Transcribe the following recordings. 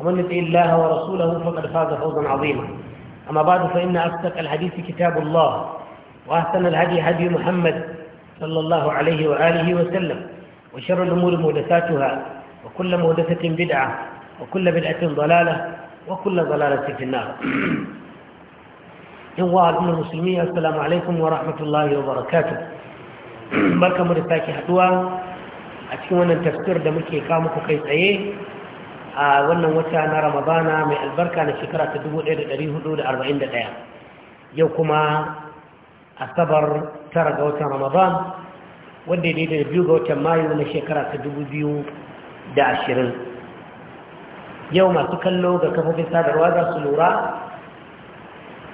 ومن يطع الله ورسوله فقد فاز فوزا عظيما أما بعد فإن أصدق الحديث كتاب الله وأحسن الهدي هدي محمد صلى الله عليه وآله وسلم وشر الأمور محدثاتها وكل محدثة بدعة وكل بدعة ضلالة وكل ضلالة في النار ان الأمة المسلمين السلام عليكم ورحمة الله وبركاته بركة مرتاكي حدوى أتكون أن تفسير دمكي كامك كيف أيه a wannan wata na ramadana mai albarka na shekara ta 1441 yau kuma asabar tara ga watan ramadan wanda ne da biyu ga watan mayu na shekara ta 2020 yau masu kallo ga kafofin sadarwa za su lura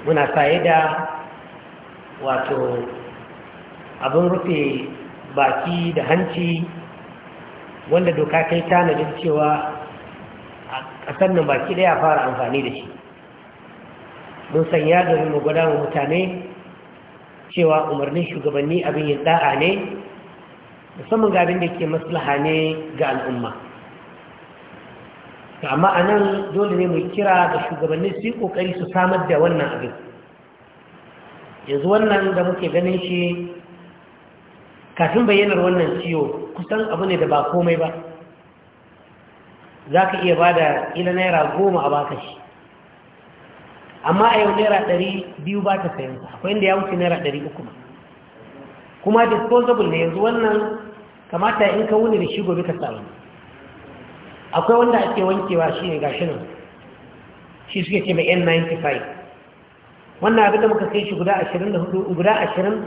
muna saye da wato abin rufe baki da hanci wanda doka kai tanadin cewa ƙasar nan baki ɗaya fara amfani da shi mun san ya gari mu gwada wa mutane cewa umarnin shugabanni abin yin da'a ne musamman ga abin da ke maslaha ne ga al'umma amma a nan dole ne mu kira da shugabanni su yi su samar da wannan abin yanzu wannan da muke ganin shi kafin bayyanar wannan ciwo kusan abu ne da ba komai ba za ka iya ba da ila naira goma a baka shi amma a yau naira ɗari biyu ba ta sayan sa akwai inda ya wuce naira ɗari uku ma kuma disposable ne yanzu wannan kamata in ka wuni da shi gobe ka samu akwai wanda ake wankewa shi ne gashi nan shi suke ce mai n95 wannan abin da muka sai shi guda ashirin da hudu guda ashirin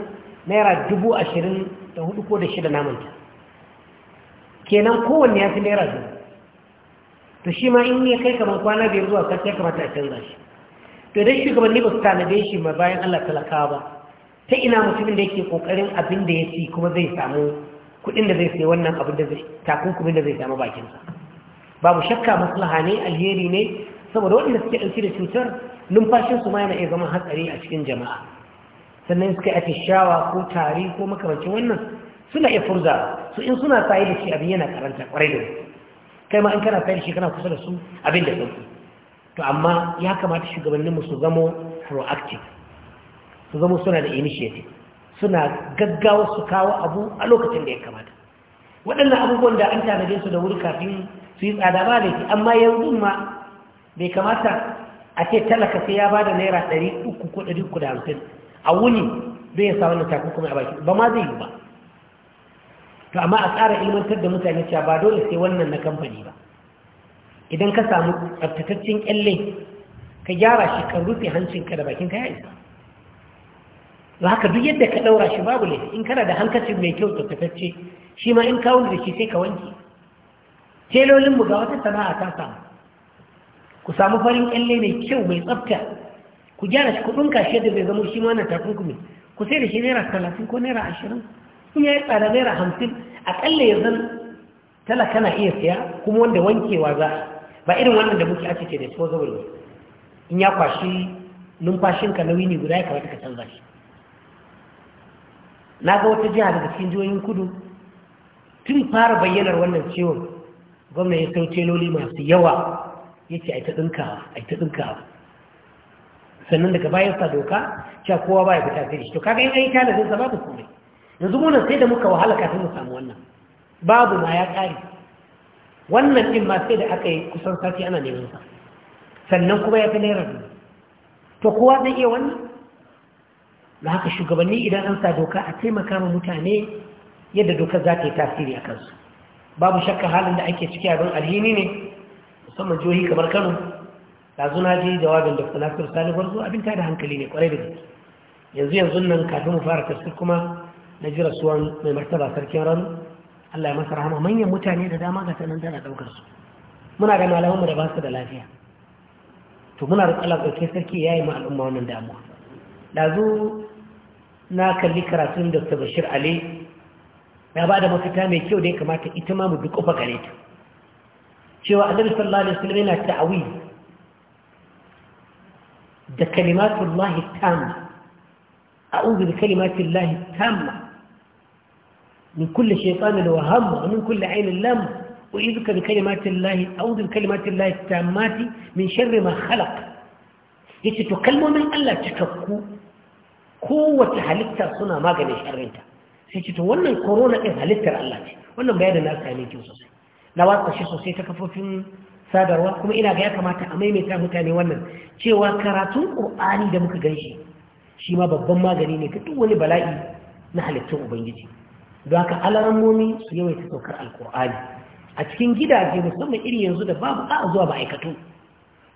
naira dubu ashirin da hudu ko da shida namanta kenan kowanne ya fi naira dubu to shi ma in ya kai kamar kwana biyar zuwa kan ya kamata a canza shi to idan shugabanni ba su tanade shi ma bayan Allah talakawa ba ta ina mutumin da yake kokarin abin da ya ci kuma zai samu kuɗin da zai sai wannan abin da zai takunkumin da zai samu bakinsa babu shakka maslaha ne alheri ne saboda waɗanda suke ɗauki da cutar numfashinsu ma yana iya zama hatsari a cikin jama'a sannan suka yi shawa ko tari ko makamancin wannan suna iya furza su in suna saye da shi abin yana karanta kwarai da kai ma in kana sayar kana kusa da su abin da sauki to amma ya kamata shugabanninmu su zamo proactive su zamo suna da initiative suna gaggawa su kawo abu a lokacin da ya kamata waɗannan abubuwan da an tanade su da wuri kafin su yi tsada ba da ke amma yanzu ma bai kamata a ce talaka sai ya ba da naira ɗari uku ko ɗari uku da hamsin a wuni bai ya sa wannan takunkumi a baki ba ma zai yi ba to amma a tsara ilmantar da mutane cewa ba dole sai wannan na kamfani ba idan ka samu tsabtataccen kyalle ka gyara shi ka rufe hancinka da bakin ka ya isa za ka duk yadda ka ɗaura shi babu laifi in kana da hankacin mai kyau tsabtatacce shi ma in kawo da shi sai ka wanke telolinmu ga wata sana'a ta samu ku samu farin kyalle mai kyau mai tsabta ku gyara shi kudin shi da zai zama shi ma wannan takunkumi ku sai da shi naira talatin ko naira ashirin in ya yi tsada naira hamsin akalla ya zan talaka na iya siya kuma wanda wankewa za ba irin wannan da muke ake ce da disposable ne in ya kwashi numfashinka nauyi ne guda ya kamata ka canza shi na ga wata jiha daga cikin jihohin kudu tun fara bayyanar wannan ciwon gwamna ya sau teloli masu yawa ya ce a ta ɗinkawa a ta ɗinkawa sannan daga bayan sa doka cewa kowa ba ya fita sai shi to kaga yin aika da zai zama da komai yanzu muna sai da muka wahala kafin mu samu wannan babu ma ya ƙare wannan din ma sai da aka yi kusan sati ana neman sa sannan kuma ya fi naira biyu to kowa zai iya wannan da haka shugabanni idan an sa doka a taimaka ma mutane yadda dokar za ta yi tasiri a kansu babu shakka halin da ake ciki abin alhini ne musamman jihohi kamar kano da zuna ji jawabin da nasir sani gwarzo abin ta da hankali ne kwarai da gaske yanzu yanzu nan kafin mu fara tafsir kuma na ji rasuwan mai martaba sarkin ran. Allah ya masa rahama manyan mutane da dama ga sanan tana daukar su muna da malamanmu da ba su da lafiya to muna da Allah ɗauke sarki yayi mu al'umma wannan damuwa dazu na kalli karatun Dr. Bashir Ali ya ba da mafita mai kyau da ya kamata ita ma mu duk ƙofa gare ta cewa annabi sallallahu alaihi wasallam yana ta'awi da kalimatullahi tamma a'udhu bi kalimatillahi tamma من kulle شيطان وهم ومن كل kulle لم وإذك بكلمات الله أعوذ بكلمات الله التامات من شر ما خلق يتكلم من الله تككو kowace halitta suna maganin sharrinta sai ce to wannan corona ɗin halittar Allah ce wannan da na sami kyau sosai na watsa shi sosai ta kafofin sadarwa kuma ina ga ya kamata a maimaita mutane wannan cewa karatun ƙur'ani da muka gan shi shi ma babban magani ne ga duk wani bala'i na halittun ubangiji don haka alarammomi su yawaita saukar alkur'ani a cikin gidaje musamman iri yanzu da babu a zuwa aikatu.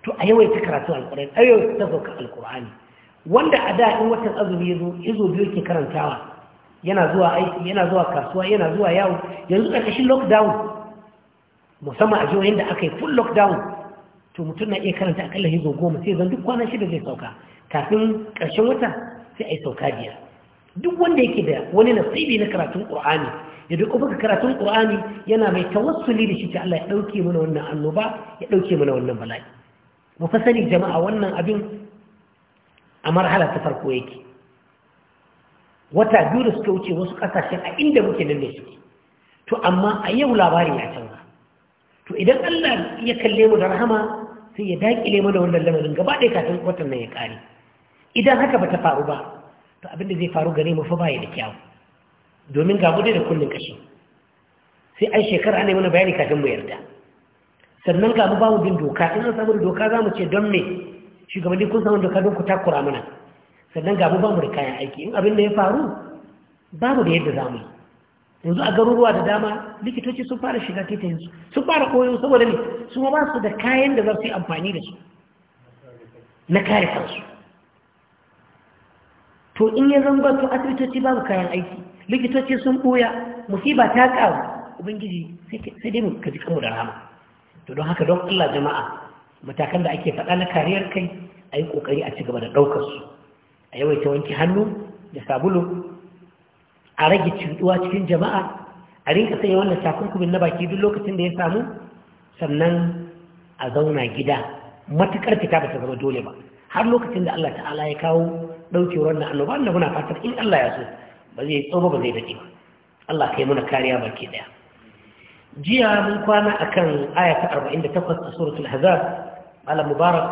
to a yawaita karatu alkur'ani a yawaita ta saukar alkur'ani wanda a da in watan azumi ya zo izo biyu ke karantawa yana zuwa aiki yana zuwa kasuwa yana zuwa yawo yanzu ƙarƙashin lockdown musamman a jihohin da aka yi full lockdown to mutum na iya karanta akalla hizo goma sai zan duk kwana shida zai sauka kafin ƙarshen wata sai a yi sauka biyar duk wanda yake da wani nasibi na karatun ƙur'ani, ya duk ka karatun ƙur'ani, yana mai tawassuli da shi ta Allah ya ɗauke mana wannan annoba ya ɗauke mana wannan bala'i mu fa sani jama'a wannan abin a marhala ta farko yake wata biyu da suka wuce wasu ƙasashen a inda muke nan ne suke to amma a yau labarin ya canza to idan Allah ya kalle mu da rahama sai ya daƙile mu da wannan lamarin gaba ɗaya kafin watan nan ya ƙare. idan haka ba ta faru ba to abin da zai faru gare mu fa baya da kyau domin ga bude da kullun kashi sai ai shekara yi mana bayani kafin mu yarda sannan ga mu bawo bin doka in an samu doka za ce don me shugabanni kun samu doka don ku takura mana sannan ga mu ba da kayan aiki in abin da ya faru babu da yadda za mu yi yanzu a garuruwa da dama likitoci sun fara shiga titi yanzu, sun fara koyo saboda ne su ba su da kayan da za su yi amfani da su na kare kansu to in ya zango to asibitoci babu kayan aiki likitoci sun ɓoya musiba ta ƙaru ubangiji sai dai mu ji kanmu da rama to don haka don allah jama'a matakan da ake faɗa na kariyar kai a yi ƙoƙari a ci gaba da ɗaukar su a yawaita wanke hannu da sabulu a rage cuɗuwa cikin jama'a a rinka sanya wannan takunkumin na baki duk lokacin da ya samu sannan a zauna gida matuƙar fita ba ta zama dole ba har lokacin da allah ta'ala ya kawo dauke wannan annoba Allah muna fatar in Allah ya so ba zai tsoba ba zai dace ba Allah kai muna kariya baki daya jiya mun kwana akan aya ta 48 ta suratul ahzab ala mubarak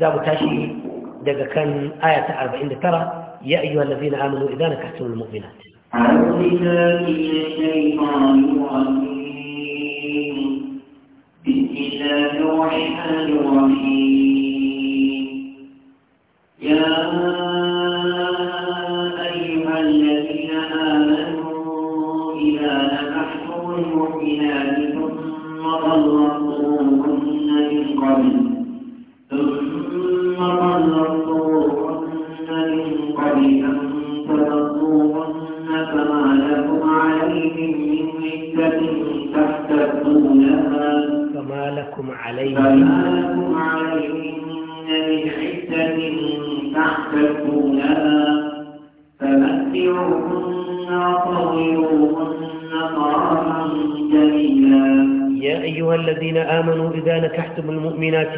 da mu tashi daga kan aya ta 49 ya ayyuhal ladina amanu idan nakahtumul mu'minat أعوذ بالله من الشيطان الرجيم بسم الله الرحمن الرحيم يا أيها الذين آمنوا إذا نكحتم المؤمنات ثم طلقتموهن من من قبل أن تمسوهن فما لكم عليهم من عدة تحتسونها فما لكم عليهم طرفا جميلا يا أيها الذين آمنوا إذا نكحتم المؤمنات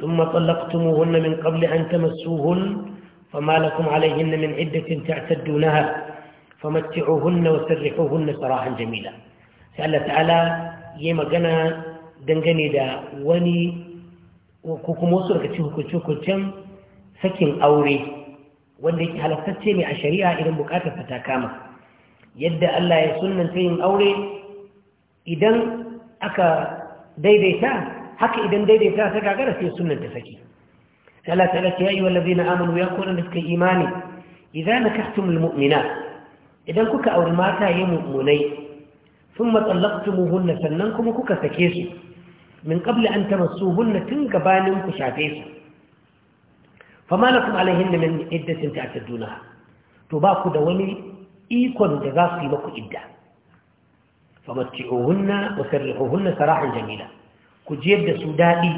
ثم طلقتموهن من قبل أن تمسوهن فما لكم عليهن من عدة تعتدونها فمتعوهن وسرحوهن سراحا جميلا سأل تعالى يما قنا دنقني دا وني وكوكم وصلك تشوكو تشوكو تشم سكن أوري wanda yake halattacce ne a shari'a idan bukatar ta kama yadda Allah ya sunnanta yin aure idan aka daidaita haka idan daidaita ta gagara sai sunnanta saki Allah ta lati ya ayyuhal ladina amanu ya kona da suka imani idan nakahtumul mu'mina idan kuka auri mata ya mu'minai thumma tallaqtumuhunna sannan kuma kuka sake su min qabli an tamassuhunna tun gabanin ku shafe su fama lakum alaihin da min iddatin ta'tadduna to ba ku da wani ikon da za su yi maku idda famatti'uhunna wa sarrihuhunna sarahan jamila ku jiyar da su daɗi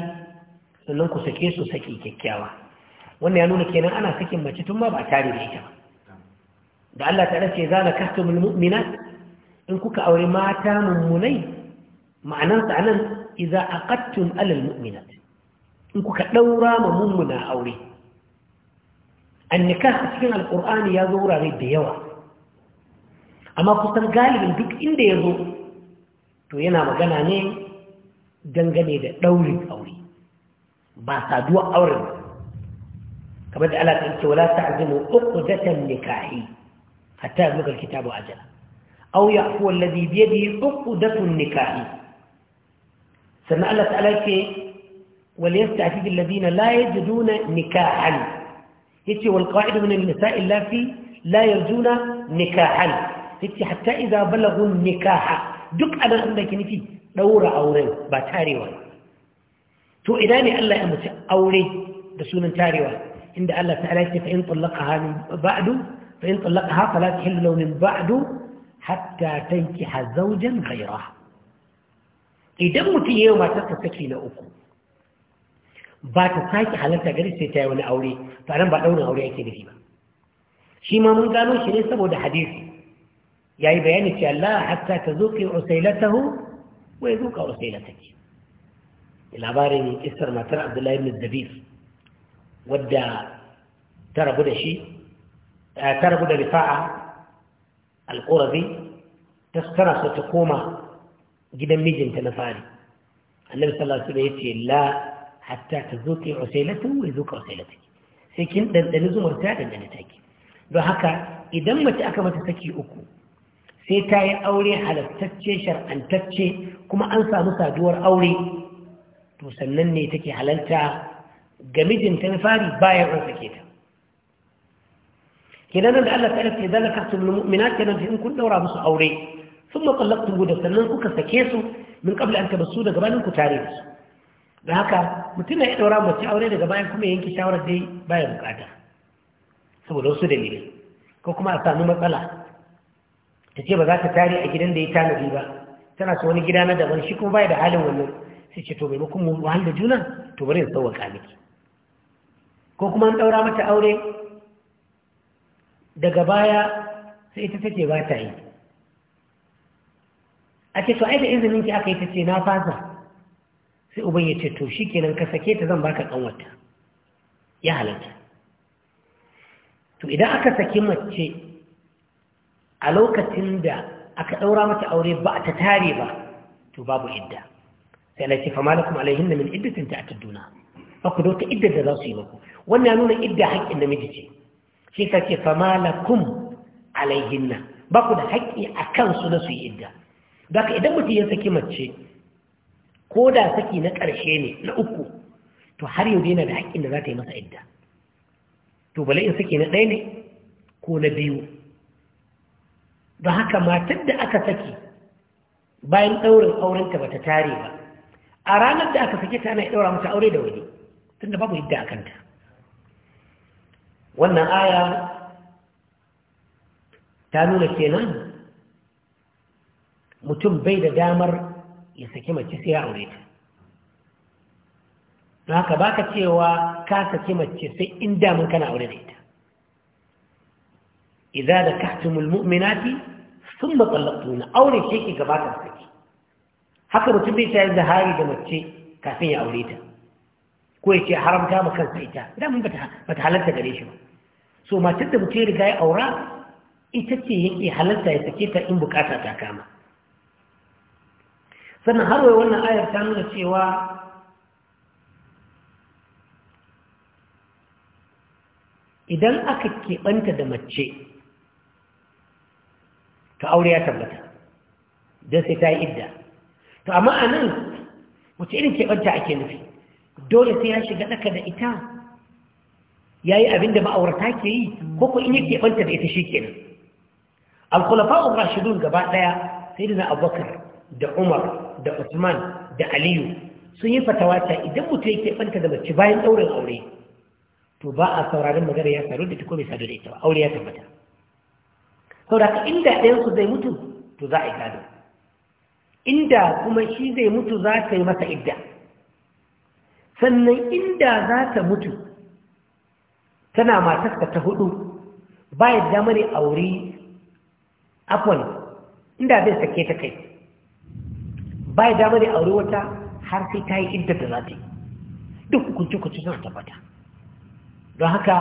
sannan ku sake su sake kyakkyawa wannan ya nuna kenan ana sakin mace tun ma ba tare da ita da Allah ta race zana kastumul mu'minat in kuka aure mata mummunai ma'anansa anan idza aqattum alal mu'minat in kuka daura ma mummuna aure annikah a cikin alkur'ani ya zo wurare da yawa amma kusan galibin duk inda ya zo to yana magana ne dangane da ɗaurin aure ba saduwa auren kamar da Allah ta ce wala ta'zimu uqdatan nikahi hatta yabluga alkitabu ajala aw ya'fu alladhi bi uku uqdatun nikahi sannan Allah ta'ala ce wal yasta'fi alladhina la yajiduna nikahan yace wal qa'idu min an-nisa' allati la yarjuna nikahan yace hatta idza balaghu nikaha duk anan da ke fi daura auren ba tarewa to idan ne Allah ya mutu aure da sunan tarewa inda Allah ta'ala yake fa in talaqaha min ba'du fa in talaqaha fala tahillu min ba'du hatta tankiha zawjan ghayraha idan mutum yayin matarsa take na uku ba ta sake halarta gari sai ta yi wani aure to nan ba ɗaurin aure yake da shi ba shi ma mun gano shi ne saboda hadisi ya yi bayani ce Allah hatta ta zuƙi usailatahu wai zuƙa usailataki labarin isar matar abdullahi ibn dabir wadda ta rabu da shi eh, ta rabu da rifa'a alƙurabi ta tana ta koma gidan mijinta na fari annabi sallallahu alaihi wasallam ya ce la hatta ta zuƙe ya zo ka usailatu sai kin ɗanɗani zumar da ɗanɗani take don haka idan mace aka mata saki uku sai ta yi aure halattacce shar'antacce kuma an samu saduwar aure to sannan ne take halarta, ga mijinta na fari bayan an sake ta kenan da Allah ta'ala ce zalika tul mu'minat kenan in kun daura musu aure sun matsalaktu da sannan kuka sake su min kabla an tabassu daga banin ku tare da su da haka mutum na ɗaura mace aure daga bayan kuma yanke shawarar dai baya bukata saboda wasu dalilai ko kuma a sami matsala ta ce ba za ta tare a gidan da ya tanadi ba tana su wani gida na daban shi kuma baya da halin wannan sai ce to maimakon mu wahal da juna to bari in sauwaka miki ko kuma an ɗaura mata aure daga baya sai ita take ba ta yi a ce to ai da izinin ki aka yi ta ce na fasa sai uban ya ce to shi kenan ka sake ta zan baka kanwata ya halatta to idan aka saki mace a lokacin da aka ɗaura mata aure ba ta tare ba to babu idda sai na ce fa malakum alaihin min iddatin ta atduna fa ku dauka iddar da za su yi maku wannan nuna idda haƙƙin namiji ce shi ka ce fa malakum alaihin ba ku da haƙƙi akan su da su yi idda da idan mutum ya saki mace ko da saki na ƙarshe ne na uku to har yau yana da haƙƙin da za ta yi masa idda to bala in saki na ɗaya ne ko na biyu don haka matar da aka saki bayan ɗaurin aurenta ba ta tare ba a ranar da aka sake ta ana ɗaura mata aure da wani tunda babu idda a kanta wannan aya ta nuna kenan mutum bai da damar ya saki mace sai ya aure ta don haka ba ka cewa ka saki mace sai in damun kana aure da ita idza da kahtumul mu'minati sun ba na aure shi ke gabatar saki haka mutum bai tayar da hari da mace kafin ya aure ta ko ya ce haramta ma kansa ita idan ba ta halarta gare shi ba so matar da mutum ya riga ya aura ita ce yake halarta ya sake ta in bukata ta kama sannan har wai wannan ayar ta nuna cewa idan aka keɓanta da mace ta aure ya tabbata don sai ta yi idda to amma a nan wace irin keɓanta ake nufi dole sai ya shiga ɗaka da ita ya yi abin da ma'aurata ke yi ko ko in yi keɓanta da ita shi kenan alkulafa'un rashidun gaba ɗaya sai da na abubakar da umar da Usman da Aliyu sun yi fatawa ta idan mutum yake banta da mace bayan ɗaurin aure to ba a sauraron magana ya faru da ta sadu da ita ba aure ya tabbata sauraka inda ɗayan su zai mutu to za a yi gado inda kuma shi zai mutu za ta yi masa idda sannan inda za ta mutu tana matarsa ta hudu ba yadda mani aure afon inda zai sake ta kai ba ya dama da aure wata har sai ta yi inda da za ta yi duk hukunci-hukunci suna tabbata don haka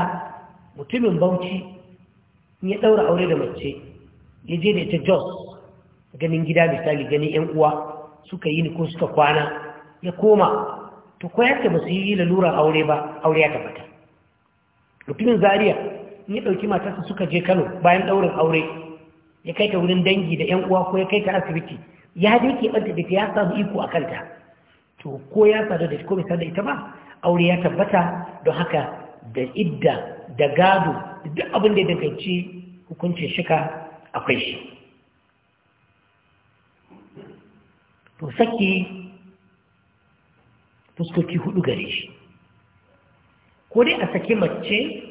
mutumin bauchi ya ɗaura aure da mace ya je da ita jos ganin gida misali ganin 'yan uwa suka yi ni ko suka kwana ya koma to koyar da ba su yi lalurar aure ba aure ya tabbata mutumin zariya ya ɗauki matarsa suka je kano bayan ɗaurin aure ya kai ta wurin dangi da 'yan uwa ko ya kai ta asibiti ya yake ɓanta da ya samu iko a kanta to ko ya sadu da ko bai da ita ba aure ya tabbata don haka da idda da gado duk abin da danganci hukuncin shika akwai shi to saki fuskoki hudu gare shi ko dai a saki mace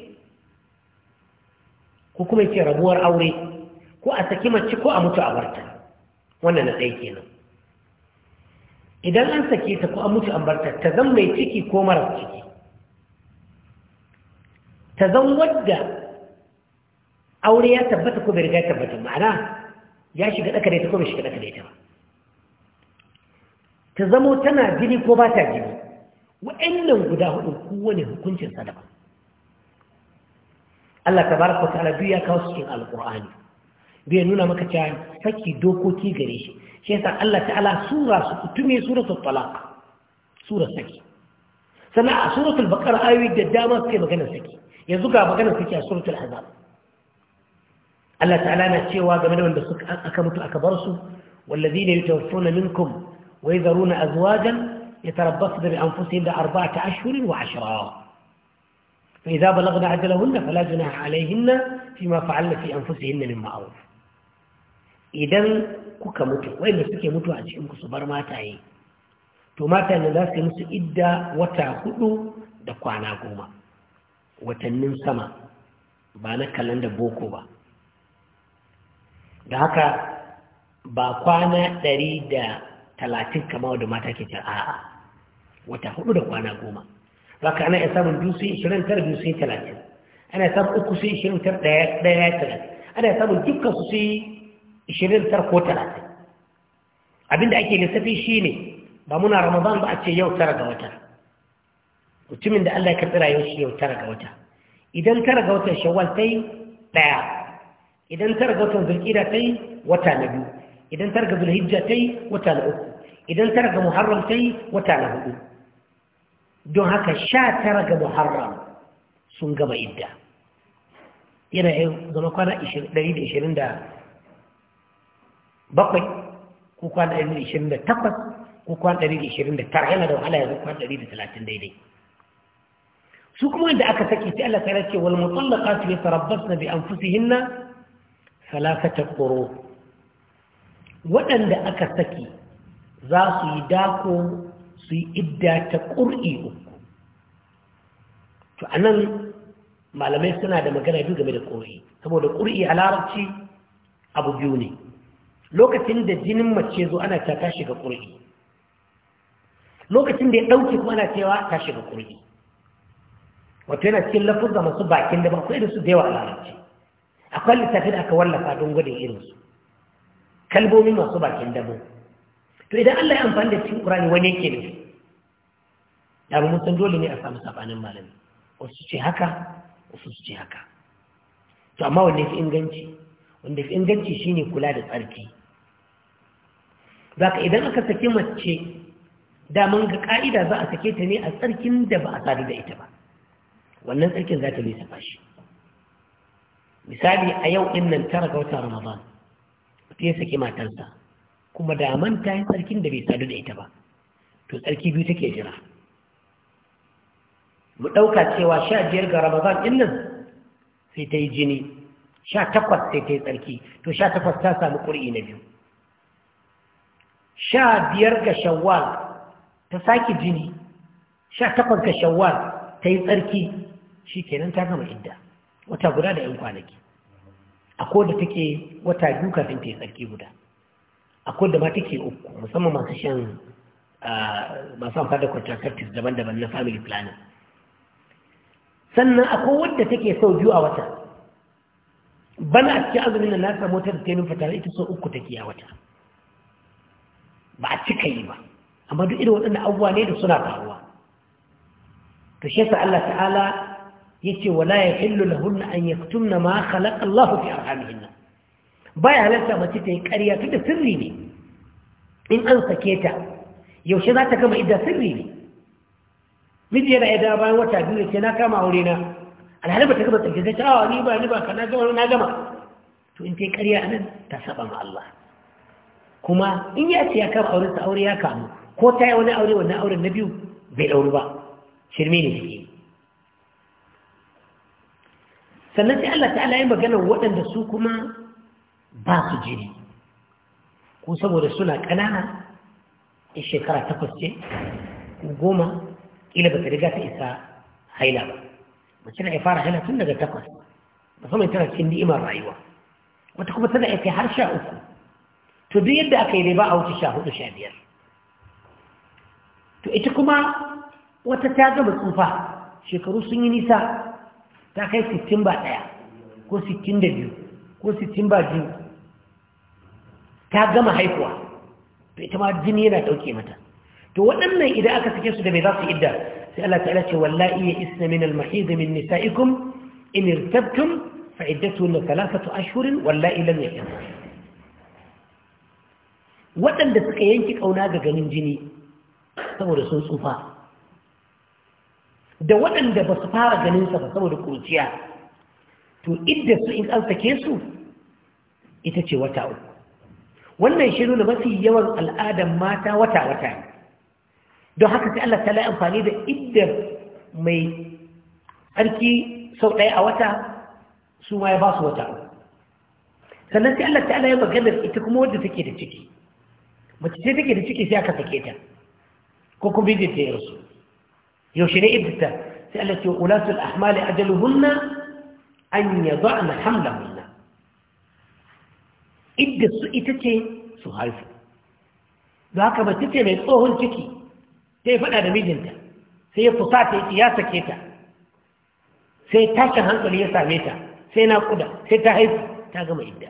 ko kuma ce rabuwar aure ko a saki mace ko a mutu a barta wannan na ɗaya kenan idan an sake ta ko an mutu an barta ta zan mai ciki ko mara ciki ta zan wadda aure ya tabbata ko bai riga tabbata ma'ana ya shiga ɗaka daita ko bai shiga ɗaka daita ba ta zamo tana jini ko ba ta jini wa'annan guda hudu kowane hukuncin sadaba Allah Ta baraka ta'ala duk ya kawo cikin alqur'ani bai nuna maka cewa saki dokoki gare shi shi yasa Allah ta'ala sura su kutume suratul talaq sura saki sannan a suratul baqara ayoyi da dama suke magana saki yanzu ga magana saki a suratul azab Allah ta'ala na cewa game da wanda suka aka mutu aka bar su wallazina yatawaffawna minkum wa yadharuna azwajan يتربصن بأنفسهم لأربعة أشهر وعشرا فإذا بلغن عجلهن فلا جناح عليهن فيما فعلن في أنفسهن من معروف idan kuka mutu wanda suke mutu a cikin kusa bar mataye to mataye za su yi musu idda wata hudu da kwana goma watannin sama ba na da boko ba da haka ba kwana ɗari da talatin kama da mata ke can a'a wata hudu da kwana goma za ka ana iya samun dusu ishirin tara dusu talatin ana iya samun uku su ishirin tara ɗaya talatin ana iya samun dukkan su su yi 29 ko 30 abinda ake lissafi shine ba muna ramadan ba a ce yau tara ga wata mutumin da Allah ya karɓi rayuwar shi yau tara ga wata idan tara ga watan shawwal tai ɗaya idan tara ga watan zulqa'da tai wata na biyu idan tara ga zulhijja tai wata na uku idan tara ga muharram tai wata na hudu don haka sha tara ga muharram sun gaba idda yana zama kwana 129 bakwai ko kwana ɗari da ishirin da takwas ko kwana ɗari da ishirin da tara yana da wahala yanzu kwana ɗari da talatin daidai su kuma inda aka saki sai Allah ta ce wal mutallaqatu yatarabbasna bi anfusihinna salasata quru waɗanda aka saki za su yi dako su yi idda ta ƙur'i uku to anan malamai suna da magana biyu game da ƙur'i saboda ƙur'i a larabci abu biyu ne lokacin da jinin mace zo ana ta tashi ga ƙurji lokacin da ya ɗauke kuma ana cewa ta shiga ƙurji wato yana cikin da masu bakin da ba akwai da su da yawa a lalace akwai littafin aka wallafa don gwada irinsu kalbomi masu bakin dabo to idan Allah ya amfani da cikin ƙurani wani yake ne da mu san dole ne a samu sabanin malami wasu ce haka wasu su ce haka to amma wanda fi inganci wanda fi inganci shine kula da tsarki za ka idan aka sake mace daman ga ƙa'ida za a sake ta ne a tsarkin da ba a sadu da ita ba wannan tsarkin za ta nisa fashi misali a yau innan nan tara ga wata ramadan ta yi sake matansa, kuma daman ta yi tsarkin da bai sadu da ita ba to tsarki biyu take jira mu ɗauka cewa sha biyar ga ramadan innan, nan sai ta yi jini sha takwas sai ta yi tsarki to sha takwas ta samu ƙuri'i na biyu sha biyar ga shawwal ta sake jini sha takwas ga shawwal ta yi tsarki shi kenan ta gama idda wata guda da 'yan kwanaki a da take wata biyu kafin ta yi tsarki guda a da ma take uku musamman masu shan masu amfani da contraceptives daban-daban na family planning sannan akwai wadda take sau biyu a wata bana a cikin azumin na samu motar da ta yi tare ita sau uku take a wata ba a cika yi ba amma duk irin waɗanda abubuwa ne da suna faruwa to shi yasa Allah ta'ala yace wala yahillu lahunna an yaktumna ma khalaqa Allahu fi arhamihinna baya halatta mace ta yi ƙarya tunda sirri ne in an sake ta yaushe za ta kama idda sirri ne miji yana yada bayan wata biyu ce na kama aure na alhali ba ta gaba tsarki ta ce awa ni ba ni ba ka na gama na gama to in ta yi ƙarya anan ta saba ma Allah kuma in ya ce ya kama auren sa aure ya kamu ko ta yi wani aure wannan auren na biyu bai ɗauru ba shirme ne shi sannan sai Allah ta'ala yi magana waɗanda su kuma ba su jini ko saboda suna ƙanana in shekara takwas ce goma ƙila ba ta riga ta isa haila ba mace na ya fara haila tun daga takwas musamman tana cikin ni'imar rayuwa wata kuma tana ya kai har sha uku to duk yadda aka yi ne ba a wuce sha hudu sha biyar to ita kuma wata ta gama tsufa shekaru sun yi nisa ta kai sittin ba ɗaya ko sittin da biyu ko sittin ba biyu ta gama haihuwa to ita ma jini yana ɗauke mata to waɗannan idan aka sake su da mai za su idda sai Allah ta'ala ce wallahi ya isna min al-mahid min nisa'ikum in irtabtum fa iddatuhunna thalathatu ashhurin wallahi lam yakin waɗanda suka yanki ƙauna ga ganin jini saboda sun tsufa da waɗanda ba su fara ganinsa ba saboda kurciya to idda su in an sake su ita ce wata uku wannan shi nuna mafi yawan al'adar mata wata-wata don haka sai Allah ta lai amfani da idda mai tsarki sau ɗaya a wata su ma ya ba su wata uku. sannan sai Allah ta lai maganar ita kuma wadda take da ciki mace ce take da ciki sai aka sake ta ko kuma bijin ta yarsu yaushe ne ta sai Allah ce ulatul ahmali ajaluhunna an yadana hamlahunna idda su ita ce su haifu don haka mace ce mai tsohon ciki sai faɗa da mijinta sai ya fusata ya sake ta sai tashin hankali ya same ta sai na kuda sai ta haifi ta gama idda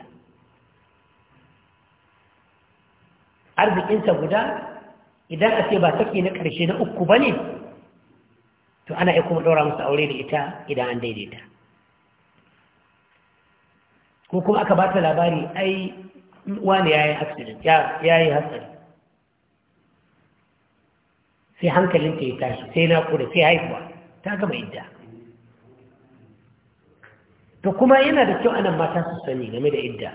arzikinsa guda idan a ce ba take na karshe na uku bane ne to ana iya kuma ɗora musu aure da ita idan an daidaita ko kuma aka ba ta labari ai wani ya yi ya yi hatsari sai hankalinta ya tashi sai na kuda sai haifuwa ta gama idda to kuma yana da kyau anan mata su sani game da idda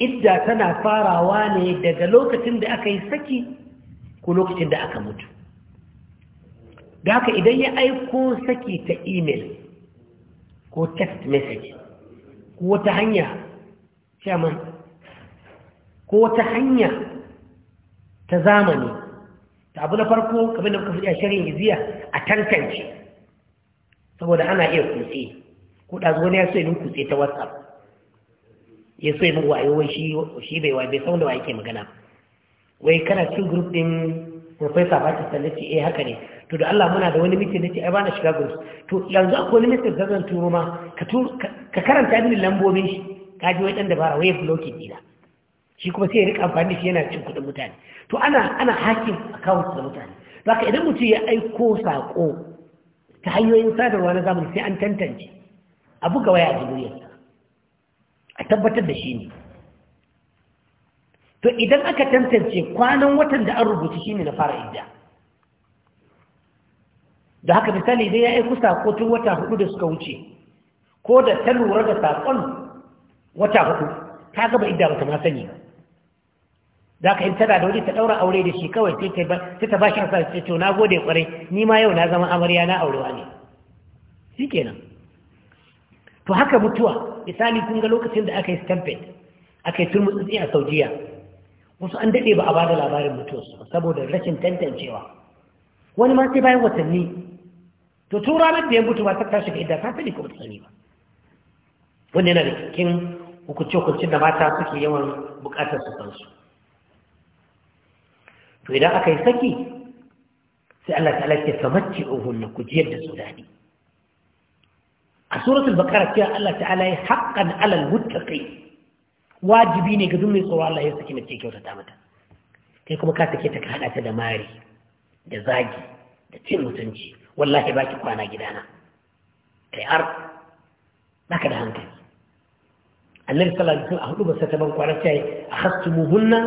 idda tana farawa ne daga lokacin da aka yi saki ko lokacin da aka mutu da haka idan ya aiko saki ta email ko text message ko wata hanya chairman ko wata hanya ta zamani ta abu na farko kamar da muka fi shirin iziya a tankance saboda ana iya kutse ko ɗazu wani ya so yi kutse ta whatsapp ya so yi min wayo wai shi shi bai wayo bai da ke magana wai kana cin group din professor Fatima sai eh haka ne to da Allah muna da wani meeting ce ai bana shiga group to yanzu akwai wani meeting da zan turo ma ka karanta mini lambobin shi ka ji wai dan dabara wai blocking dina shi kuma sai ya rika amfani da shi yana cin kuɗin mutane to ana ana hakin account da mutane haka idan mutum ya aiko sako ta hanyoyin sadarwa na zamani sai an tantance a buga waya a a tabbatar da shi ne to idan aka tantance kwanan watan da an rubuta shi ne na fara idda da haka misali idan ya aiku ko tun wata hudu da suka wuce ko da ta lura da sakon wata hudu ta gaba idda ba ta ma sani ba da haka in tana da wani ta ɗaura aure da shi kawai sai ta bashi asa ce to na gode kwarai ni ma yau na zama amarya na aurewa ne nan. to haka mutuwa misali kun ga lokacin da aka yi stampede aka yi tsitsi a saujiya wasu an daɗe ba a ba da labarin mutuwarsu saboda rashin tantancewa wani ma sai bayan watanni to tun ranar da ya mutu ba ta tashi ga idan ta sani ko ta sani ba wanda yana da cikin hukunce-hukuncin da mata suke yawan bukatar su kansu to idan aka yi saki sai Allah ta alaƙe ta mace ohun na kujiyar da su daɗi a suratul baqara cewa Allah ta'ala ya hakan alal muttaqi wajibi ne ga duk mai tsoro Allah ya saki mace kyautata mata kai kuma ka take ta ka hada ta da mari da zagi da cin mutunci wallahi baki kwana gidana kai har baka da hankali annabi sallallahu alaihi wasallam a hudu ba sai ta ban kwana cewa akhastumuhunna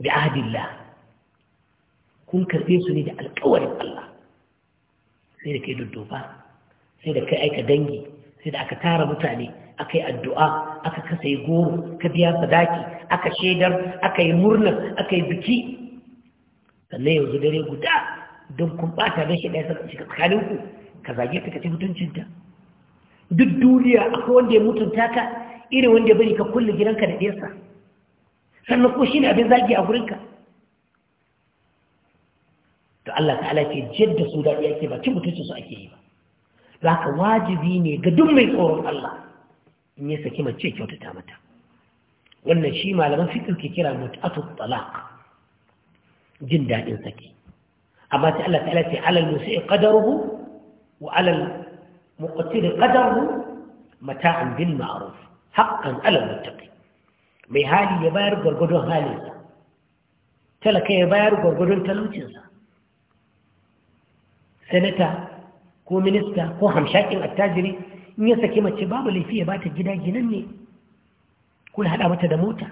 bi ahdillah kun karfe su ne da alkawarin Allah sai da kai duddufa sai da kai aika dangi sai da aka tara mutane aka yi addu'a aka kasa yi goro ka biya sadaki aka shaidar aka yi murna aka yi biki sannan yanzu dare guda don kun ɓata don shaidar saka shiga tsakaninku ka zage ta kaci mutuncinta duk duniya akwai wanda ya mutunta ka irin wanda ya bari ka kulle gidanka da ɗiyarsa sannan ko shi ne abin zagi a gurinka to Allah ta'ala ke jaddasu su daɗi ake ba cin mutuncinsu ake yi ba za ka wajibi ne ga duk mai tsoron Allah in ya saki mace kyautata mata wannan shi malaman fitar ke kira mut'atu talaq jin daɗin saki amma ta Allah ta'ala ce alal musi'i qadaruhu wa alal muqtir qadaruhu mata'an bil ma'ruf haqqan alal muttaqi mai hali ya bayar gwargwadon halinsa talaka ya bayar gwargwadon talaucinsa sanata ko minista ko hamshakin attajiri in ya saki mace babu laifi ya bata gida ginan ne ko ya hada mata da mota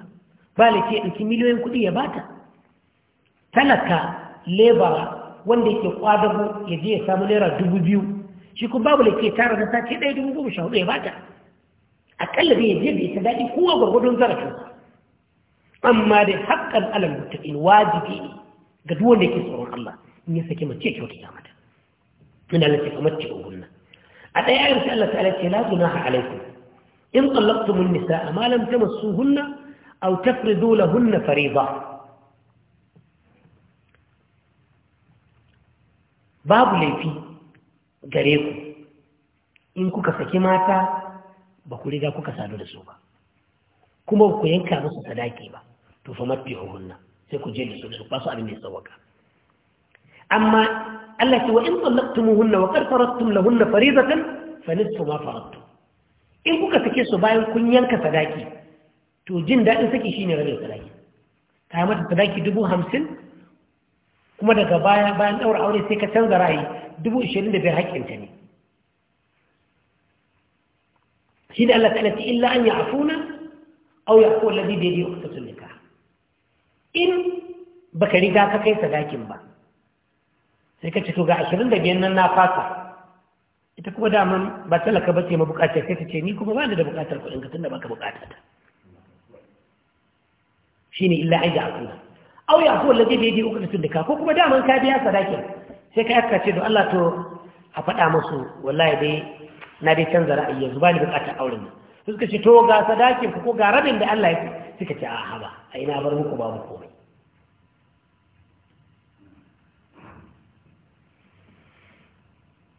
ba laifi ya ɗauki miliyoyin kuɗi ya bata talaka lebara wanda yake kwadago ya je ya samu naira dubu biyu shi kuma babu laifi ya tara na sati ɗaya dubu goma sha hudu ya bata akalla zai je da ita daɗi kowa gwargwadon zarafin amma dai haƙƙan alal muttaqin wajibi ne ga duk wanda yake tsoron Allah in ya saki mace kyautata mata من التي أمتعوهن أتى يعرف الله تعالى لا جناح عليكم إن طلقتم النساء ما لم تمسوهن أو تفرضوا لهن فريضة babu laifi gare ku in kuka saki mata ba ku riga kuka sadu da su ba kuma ku yanka musu sadaki ba to fa hunna sai ku je da su ba su abin da ya tsawaka amma Allah ce wa in tsallaqtumuhunna wa qad faradtum lahunna faridatan fa nisfu ma faradtum in kuka sake su bayan kun yanka sadaki to jin daɗin saki shine rabin sadaki ka mata sadaki dubu hamsin kuma daga baya bayan ɗaura aure sai ka canza ra'ayi dubu ishirin da biyar haƙƙinta ne shi da Allah ta'ala illa an ya afuna aw ya afu alladhi bi yadihi uqtatun nikah in baka riga ka kai sadakin ba sai ka ce to ga ashirin da biyan nan na fasa ita kuma daman ba talaka ba ce ma bukatar sai ta ce ni kuma ba ni da bukatar kuɗin ka tun da ba ka bukatar ta shi ne illa an a au ya kuwa laje da ya je uku da da ko kuma daman ka biya sadakin sai ka yaka ce don Allah to a faɗa musu wallahi dai na dai canza ra'ayi yanzu ba ni bukatar auren nan suka ce to ga sadakin ko ga rabin da Allah ya suka ce a haba a ina bar muku babu komai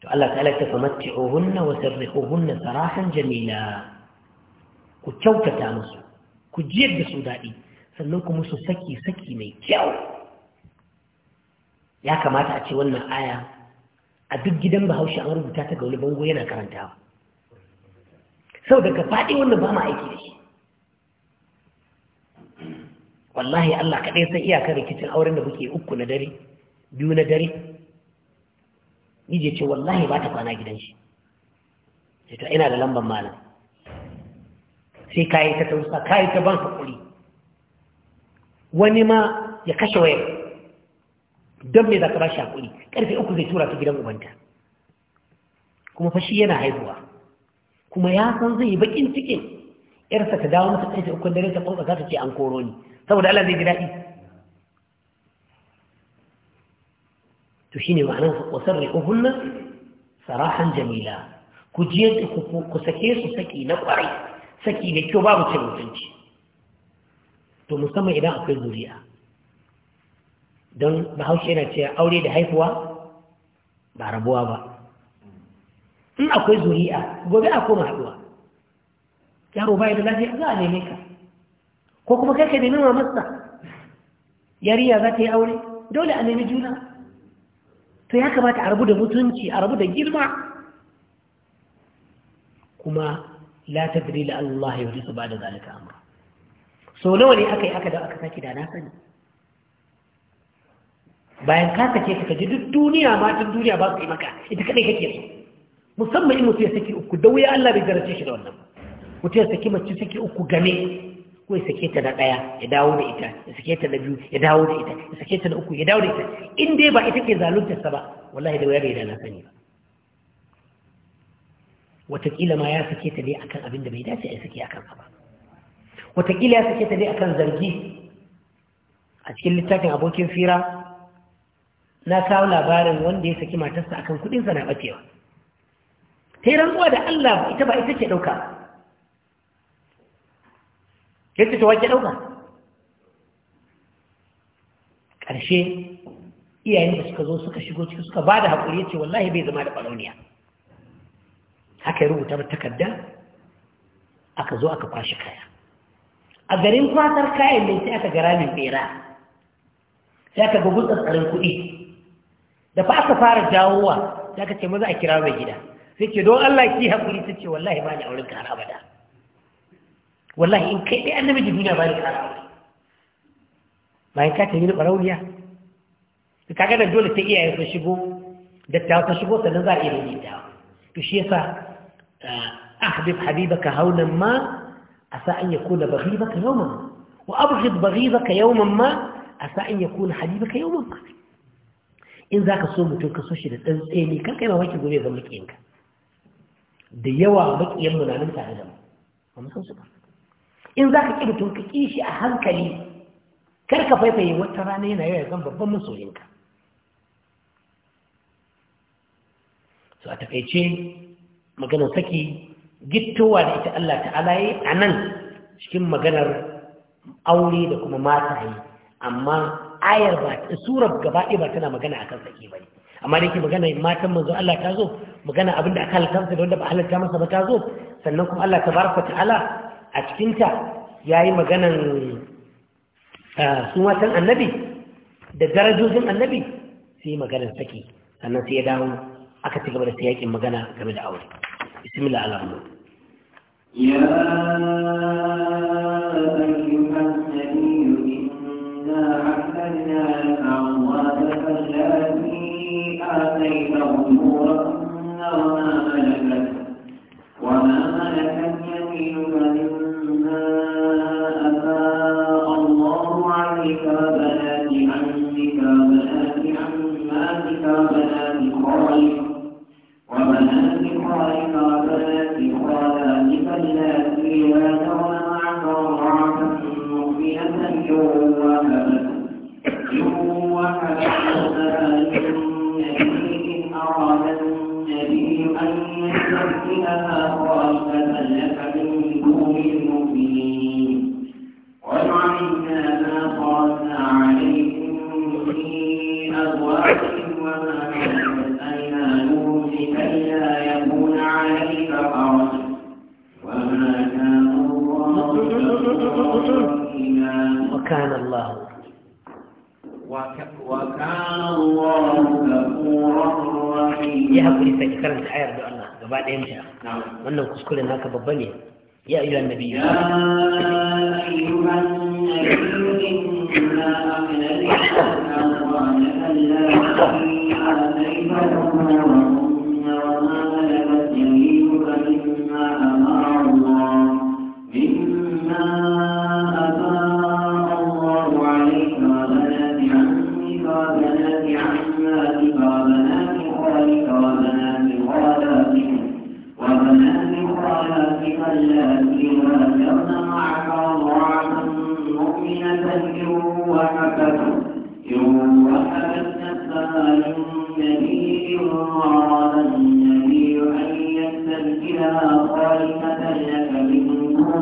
to Allah ta'ala ta famatti'uhunna wa sarrihuhunna sarahan jamila ku kyautata musu ku jiyar da su daɗi sannan kuma su saki saki mai kyau ya kamata a ce wannan aya a duk gidan bahaushe an rubuta ta ga wani bango yana karantawa sau daga faɗi wannan ba ma aiki da shi wallahi Allah kaɗai san iyakar rikicin auren da kuke uku na dare biyu na dare miji ce wallahi ba ta kwana gidan shi sai yana ina da lambar malam sai kayi ta tausa kayi ta ban hakuri wani ma ya kashe wayar don me za ka ba shi hakuri karfe uku zai tura ta gidan ubanta kuma fashi yana haihuwa kuma ya san zai yi bakin cikin yarsa ta dawo masa karfe uku dare ta kwamfa za ta ce an koro ni saboda Allah zai ji daɗi to shine ma'anar wasarrihuhunna sarahan jamila ku je ku sake su saki na kwarai saki da kyau babu cin mutunci to musamman idan akwai zuriya don bahaushe na cewa aure da haihuwa ba rabuwa ba in akwai zuri'a gobe a koma haɗuwa yaro bai da lafiya za a neme ka ko kuma kai ka nemi masa. yariya za ta yi aure dole a nemi juna to ya kamata a rabu da mutunci a rabu da girma kuma la diri la Allah ya su ba da zalika amma so nawa ne aka yi aka da aka saki da na sani bayan ka sake ka ji duk duniya duk duniya ba su yi maka ita kadai kake so musamman in mutu ya saki uku da wuya Allah bai zarace shi da wannan mutu ya saki mace saki uku game ko ya sake ta na ɗaya ya dawo da ita ya sake ta na biyu ya dawo da ita ya sake ta na uku ya dawo da ita in dai ba ita ke zaluntarsa ba wallahi da wayar da na sani ba wataƙila ma ya sake ta ne akan abin da bai dace a sake akan ba wataƙila ya sake ta ne akan zargi a cikin littafin abokin fira na kawo labarin wanda ya saki matarsa akan kuɗinsa na ɓacewa ta yi rantsuwa da Allah ita ba ita ce ɗauka kai ta wace dauka karshe iyayen da suka zo suka shigo ciki suka bada hakuri yace wallahi bai zama da baloniya haka ya rubuta takarda aka zo aka kwashi kaya a garin fatar kayan ne sai aka gara min bera sai aka gugu tsarin kuɗi da fa aka fara jawowa sai aka ce maza a kira mai gida sai ke don Allah ki haƙuri ta ce wallahi ba ni auren kara har abada والله إن كنت أنا مجيب هنا duniya على ni ما aure bayan ka tafi ni barauniya ka ga dole sai iyaye su shigo dattawa إلى shigo sannan آه، أحبب حبيبك هونا ما أسا أن يكون بغيبك يوما ما وأبغض بغيبك يوما ما أسا أن يكون حبيبك يوما ما إن ذاك الصوم تلك الصوشي تنزيني كان كما وجه قولي ذا إنك ديوا مكين من عملت على دم سبحانه in za ka ƙi mutum ka ƙi a hankali kar ka faifaye wata rana yana yau ya zan babban masoyinka su a takaice maganar saki gittowa da ita Allah ta'ala yi a nan cikin maganar aure da kuma mata yi amma ayar ba ta surar gaba ɗaya ba tana magana a kan saki ba ne amma da yake magana matan manzo Allah ta zo magana abinda aka halatta masa da wanda ba halatta masa ba ta zo sannan kuma Allah Ta ta ta'ala a cikinta ya yi maganan ah, sumatan annabi da darajojin annabi sai maganan saki sannan sai ya dawo aka ci gaba da yakin magana game da aure bismillah alamu ya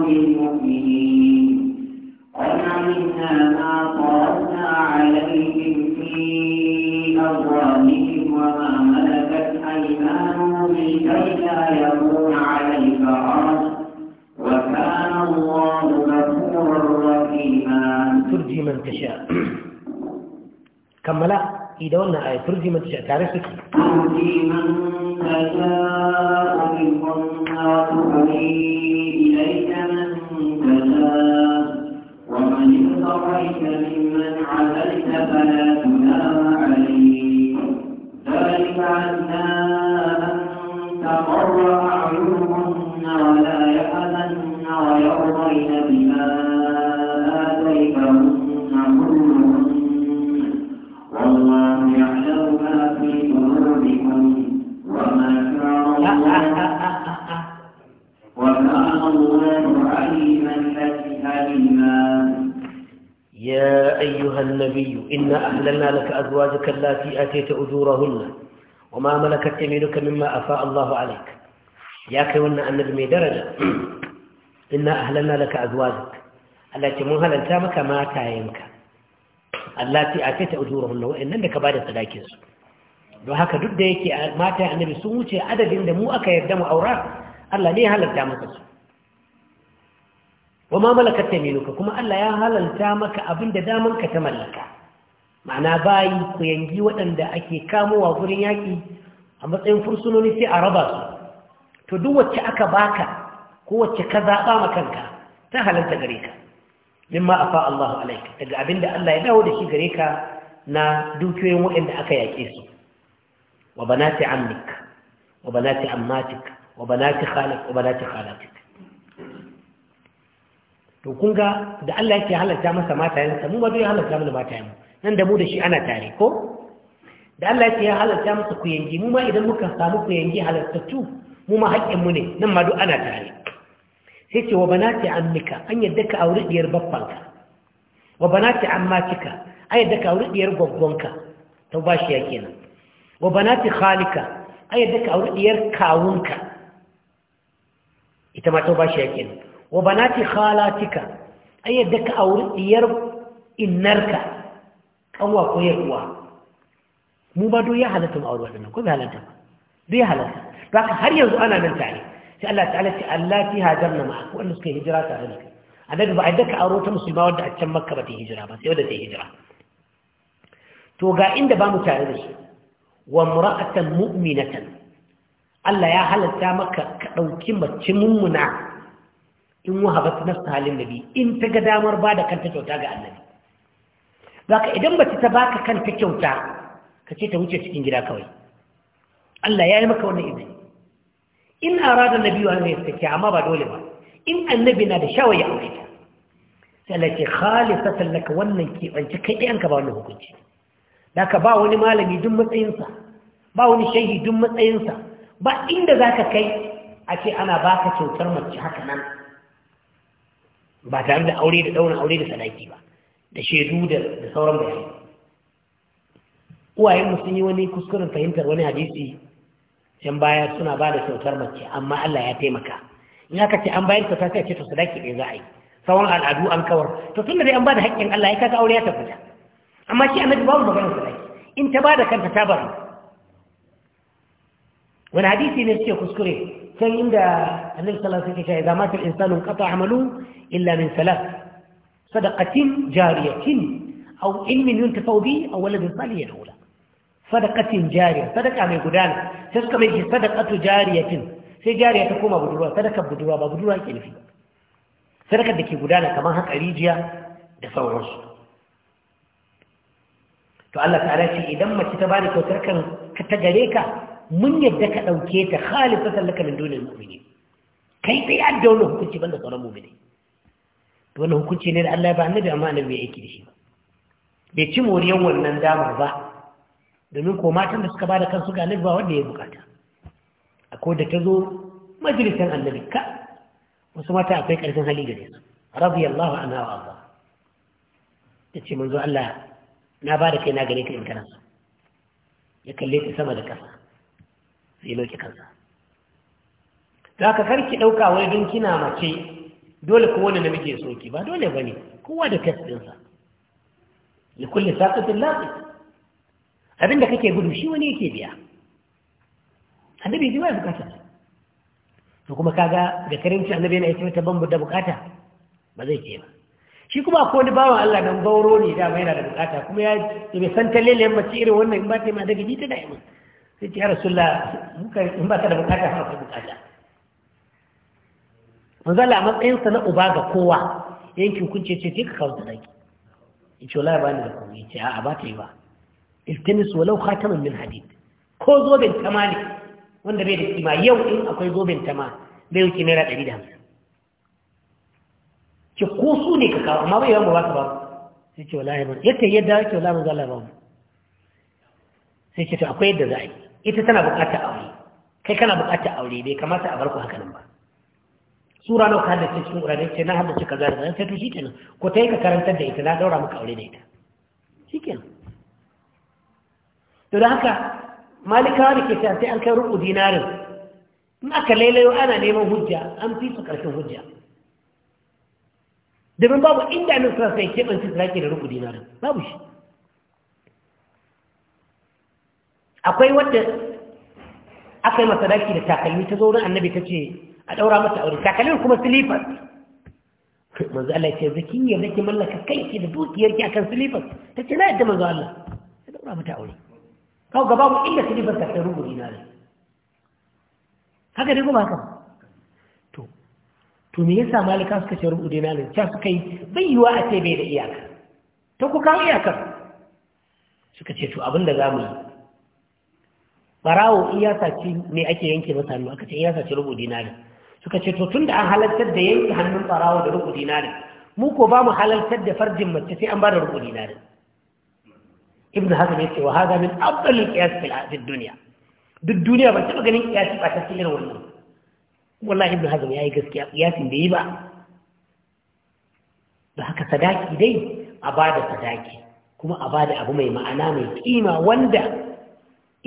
بالمؤمنين ومنها ما طرفنا عليهم في أبوابهم وما ملكت أيمانهم لكي لا يكون عليك الفراش وكان الله غفورا رحيما ترجي من تشاء كملا إذا قلنا آية ترجي من تشاء تعرفك ترجي من تشاء منهن وتؤمن حسنا اللاتي أتيت أجورهن وما ملكت يمينك مما أفاء الله عليك يا كون أن بمي درجة إنا أهلنا لك أزواجك التي مهلا تامك ما تايمك اللاتي أتيت أجورهن وإن لك بعد صداكين don haka duk da yake mata annabi sun wuce adadin da mu aka yarda mu aura Allah ne ya halalta maka su wa ma malakat yaminuka kuma Allah ya halalta maka abin da daman ka ta mallaka ma'ana bayi ku yangi waɗanda ake kamowa gurin yaƙi a matsayin fursunoni sai a raba su to duk wacce aka baka ko wacce ka zaɓa makanka ta halarta gare ka mimma afa Allahu alaika daga abinda Allah ya dawo da shi gare ka na dukiyoyin waɗanda aka yaƙe su wa banati ammik wa banati ammatik wa banati khalik wa banati khalatik to kun ga da Allah yake halarta masa matayensa mu ba zai halarta mana mu. nan da mu da shi ana tare ko da Allah ya halatta musu ku yangi mu ma idan muka samu ku yangi halattattu mu ma haƙƙin mu ne nan ma duk ana tare sai ce wa banati ammika an yadda ka auri diyar babbanka wa banati ammatika an yadda ka auri diyar to ba bashi ya nan wa banati khalika an yadda ka auri diyar kawunka ita ma ba bashi ya nan wa banati khalatika an yadda ka auri diyar innarka kanwa ko uwa mu ba do ya halatta mu aure nan ko bai halatta ba bai halatta ba ka har yanzu ana nan tare sai Allah ta'ala ce Allah fi hajarna ma'a wanda suka hijira tare da kai annabi ba a daka aro ta musulma wanda a can makka ba ta hijira ba sai wanda ta hijira to ga inda ba mu tare da shi wa mura'atan mu'minatan Allah ya halatta maka ka dauki mace mummuna in wahabat nafsa halin nabi in ta ga damar ba da kanta kyauta ga annabi zaka idan bace ta baka kanta kyauta ka ce ta wuce cikin gida kawai Allah ya yi maka wannan izini in arada nabi wa ne take amma ba dole ba in annabi na da shawayi a wuta sai Allah ce khalisatan wannan kebanci kai ɗayan ka ba wani hukunci ka ba wani malami duk matsayinsa ba wani shehi duk matsayinsa ba inda ka kai a ce ana baka kyautar mace haka nan ba tare da aure da daurin aure da sadaki ba da shaidu da sauran bayani uwayen sun yi wani kuskuren fahimtar wani hadisi can baya suna ba da kyautar mace amma Allah ya taimaka in aka ce an bayar kyauta sai ce to sadaki ɗaya za a yi sauran al'adu an kawar to tunda dai an ba da haƙƙin Allah ya kaga aure ya tafi amma shi annabi babu maganar sadaki in ta ba da kanta ta bari wani hadisi ne suke kuskure can inda annabi sallallahu alaihi wasallam ya ce idza mata al-insanu qata amalu illa min salat صدقة جارية أو علم ينتفع به أو ولد صالح يدعو صدقة جارية صدقة من قدانا تسكى من صدقة جارية سي جارية تقوم بدروا صدقة بدروا ما بدروا يكي نفي صدقة دكي قدانا كما هك أريجيا دفعوا رسول to Allah شيء إذا ما تتبارك وتركا bada من يدك ka ta gare ka mun yadda ka dauke ta khalifatan laka min to wannan hukunci ne da Allah ba annabi amma annabi ya aiki da shi bai ci moriyan wannan damar ba domin ko matan da suka ba da kansu ga annabi ba wanda ya bukata ko da ta zo majalisar annabi ka wasu mata akwai karfin hali gare su yallahu ana wa Allah ta ce manzo Allah na ba da kai na gare ka in kana ya kalle ta sama da kasa sai loke kansa za ka karki ɗauka wai don kina mace dole wani namiji ya soki ba dole ba ne kowa da kasɗinsa da kulle saƙatin lafi abinda kake gudu shi wani yake biya annabi ya ji waya bukata to kuma kaga da karinci annabi yana yake ta bambu da bukata ba zai ce ba shi kuma ko wani bawan Allah dan gauro ne da mai yana da bukata kuma ya bai san ta lele mace irin wannan in ba ta ma daga jita da yamma sai ce ya rasulullah in ba ta da bukata ba ta bukata manzala a matsayinsa na uba ga kowa yankin kunce ce ce ka kawo da in ce wala ba ni da kuma ce a ba ta yi ba iltimis walau khataman min hadid ko zoben tama ne wanda bai da kima yau in akwai zoben tama bai wuce naira ɗari da hamsin ce ko su ne ka kawo amma bai yawan ba ka ba sai ce wala yawan yadda yadda ake wala manzala ba mu sai ce to akwai yadda za a yi ita tana buƙatar aure kai kana buƙatar aure bai kamata a bar ku haka nan ba sura nawa ka haddace cikin ƙurare ce na haddace kaza da kaza shi to shikenan ko ta yi ka karantar da ita na daura maka aure da ita shikenan to da haka malikawa da ke ta sai an kai rubu dinarin in aka lailayo ana neman hujja an fi su ƙarshen hujja domin babu inda nan suna sai keɓanci zaki da rubu dinarin babu shi akwai wadda aka yi masa daki da takalmi ta zo wurin annabi ta ce a daura mata aure takalmin kuma silifas manzo Allah ce zakin ya zaki mallaka kai ki da dukiyar ki akan silifas ta ce na yadda manzo Allah ta daura mata aure kawo gaba mu inda silifas ta ta rubuci na ne haka dai kuma haka to to me yasa malika suka ce rubuci na ne ta suka yi bayyuwa a ce bai da iyaka ta ku kawo iyakar suka ce to abinda za mu yi barawo iyasa ce ne ake yanke masa hannu aka ce iyasa ce rubu dinari suka ce to tunda an halartar da yanki hannun barawa da ruku dinarin mu ko ba mu halartar da farjin mace sai an ba da ruku dinarin ibnu hazm yace wa hada min afdal qiyas fil dunya duk duniya ban taba ganin qiyasi ba ta cikin wannan wallahi ibnu hazm yayi gaskiya qiyasin da yi ba da haka sadaki dai a bada sadaki kuma a bada abu mai ma'ana mai kima wanda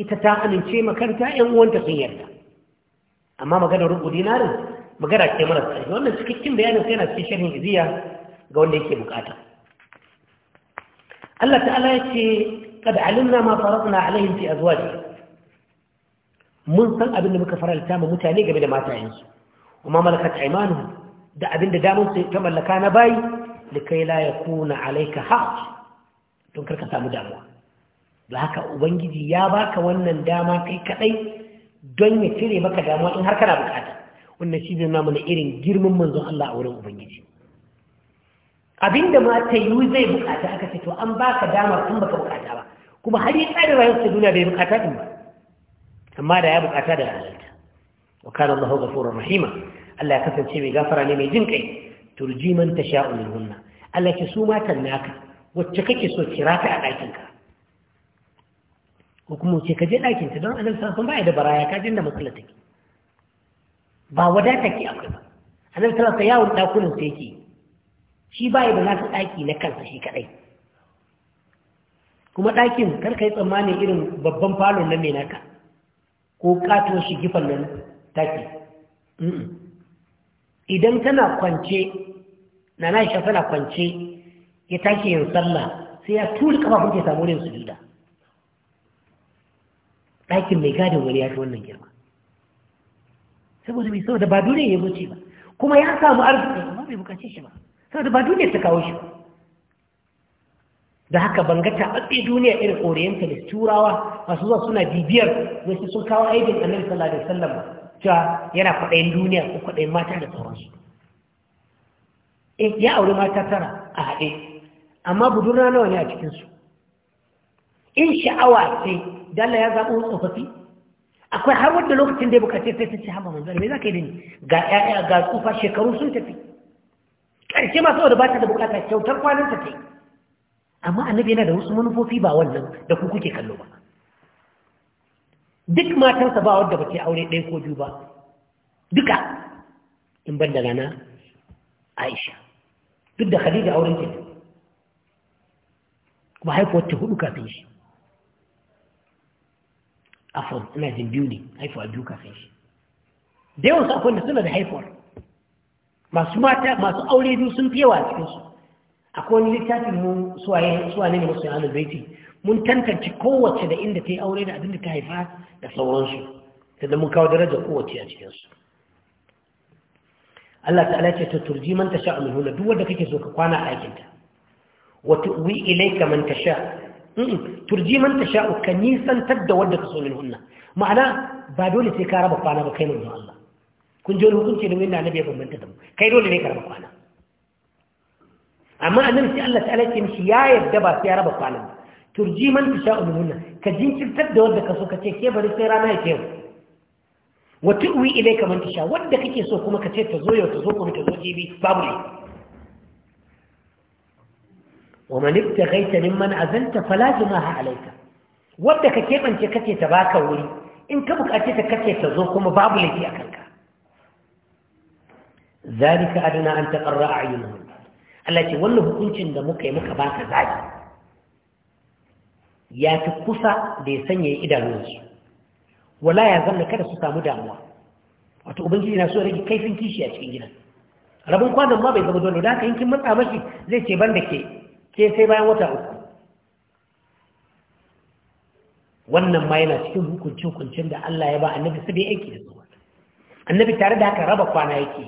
ita ta amince makanta 'yan uwanta sun yarda amma maganar rubu dinarin magana ce mara tsari wannan cikakken bayanin sai na cikin sharhin iziya ga wanda yake bukata Allah ta'ala ya ce kada alimna ma faratna alaihim fi azwaji mun san abin da muka faralta ma mutane game da matayensu kuma malakat aymanuhum da abinda da damun su ta mallaka na bayi likai la yakuna alayka haq don karka samu damuwa da haka ubangiji ya baka wannan dama kai kadai don ya cire maka damuwa in har kana bukata wannan shi zai namu na irin girman manzon Allah a wurin ubangiji abinda ma ta yi zai bukata aka ce to an baka damar in baka bukata ba kuma har yi tsarin rayuwar ta duniya bai bukata din ba amma da ya bukata da halalta wa kana Allahu ghafurur rahima Allah ya kasance mai gafara ne mai jin kai turji man tasha'u minhunna Allah ya ce su matan naka wacce kake so kira ta a ka ko kuma ce ka je ɗakin ta don annabi sallallahu alaihi da baraya ka jin da matsala take ba wadata ke akwai ba annabi sallallahu alaihi yawon ɗakunan sa yake shi ba da nasa ɗaki na kansa shi kaɗai kuma ɗakin kar ka yi tsammanin irin babban falon na menaka, ko katon shi gifan nan take idan tana kwance na na tana kwance ya take yin sallah sai ya tuli kafafun ke samu ne su juda ɗakin mai gadin wani ya fi wannan girma saboda mai saboda ba duniya ya goce ba kuma ya samu arziki amma bai bukace shi ba saboda ba duniya ta kawo shi ba da haka ban ga taɓaɓɓe duniya irin orientalist turawa masu zuwa suna bibiyar wasu sun kawo aibin annabi sallallahu alaihi wasallam cewa yana kwaɗayin duniya ko kwaɗayin mata da sauransu eh ya auri mata tara a haɗe amma budurna nawa ne a cikinsu in sha'awa sai, dalla ya zaɓo tsofaffi akwai har wadda lokacin da ya bukace sai ta ce haɓa manzana me za ka yi da ni ga ƴaƴa ga tsufa shekaru sun tafi ƙarshe ma saboda ba ta da bukata kyautar kwanan ta yi amma annabi yana da wasu manufofi ba wannan da ku kuke kallo ba duk matarsa ba wadda ba ce aure ɗaya ko biyu ba duka in ban da rana aisha duk da khadija auren ta ba haifuwar ta hudu kafin shi afon ina jin biyu ne haifuwa biyu kafin shi da yawan su akwai da suna da haifuwar masu mata masu aure biyu sun fiyewa a cikinsu akwai wani littafin mu suwa ne masu yana baiti mun tantance kowace da inda ta yi aure da abinda ta haifa da sauransu da mun kawo darajar kowace a cikinsu Allah ta'ala ce ta turji man tasha min duk wanda kake so ka kwana a aikinta wa tu'wi ilayka man sha." turji man ta sha'u ka nisantar da wanda ka so min hunna ma'ana ba dole sai ka raba kwana ba kai manzo Allah kun ji wani hukunci da wani annabi ya bambanta da mu kai dole ne ka raba kwana amma annabi sai Allah ta'ala ya mishi ya yarda ba sai ya raba kwana ba turji man ta sha'u min hunna ka jinkirtar da wanda ka so ka ce ke bari sai rana ya ce wa tu'wi ilayka man ta sha wadda kake so kuma ka ce ta zo yau ta zo kuma ta zo jibi babu ne wa man ibtaghaita mimman azanta fala junaha alayka wanda ka bance kake ta baka wuri in ka bukace ta kake ta zo kuma babu laifi akan ka zalika adana an taqarra a'yunuhum Allah ce wannan hukuncin da muka yi muka baka zaki ya fi kusa da ya sanya idanunsu wala ya zanna kada su samu damuwa wato ubangiji na so rage kaifin kishi a cikin gidan rabin kwanan ma bai zama dole da haka yankin matsa mashi zai ce ban da ke ke sai bayan wata uku wannan ma yana cikin hukuncin da Allah ya ba annabi su bai aiki da su annabi tare da haka raba kwana yake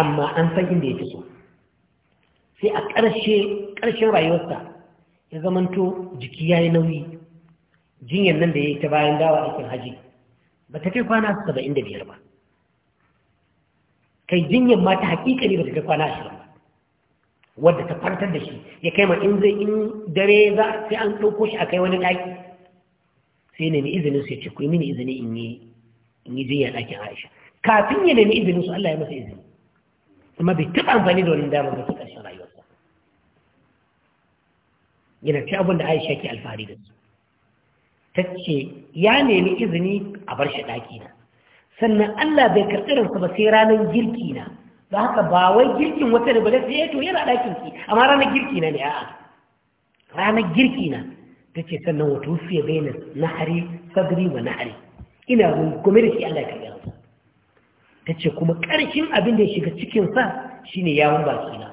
amma an san inda yake so sai a ƙarshe ƙarshen rayuwarsa ya zamanto jiki ya yi nauyi jinyar nan da ya yi ta bayan dawa aikin haji ba ta kai kwana 75 ba kai jinyar ma ta hakika ne ba ta kai kwana ashirin wadda ta kwantar da shi ya kai ma in zai in dare za sai an ɗauko shi a kai wani ɗaki sai nemi izinin su ya ce ku yi mini izini in yi in yi jinya ɗakin Aisha kafin ya nemi izinin su Allah ya masa izini amma bai taɓa amfani da wani damar da ta ƙarshen rayuwarsa yana ci abin da Aisha ke alfahari da su ta ce ya nemi izini a bar shi ɗaki na sannan Allah bai karɓi ransa ba sai ranar girki na da haka ba wai girkin wata da bala sai eh, to yana ɗakin ki amma ranar girki na ne a'a ranar girki na ta ce sannan wato fiye bayanin nahari sadri wa nahari ina kuma da shi Allah ya karɓi ta ce kuma ƙarshen abin da ya shiga cikin cikinsa shine yawon baki na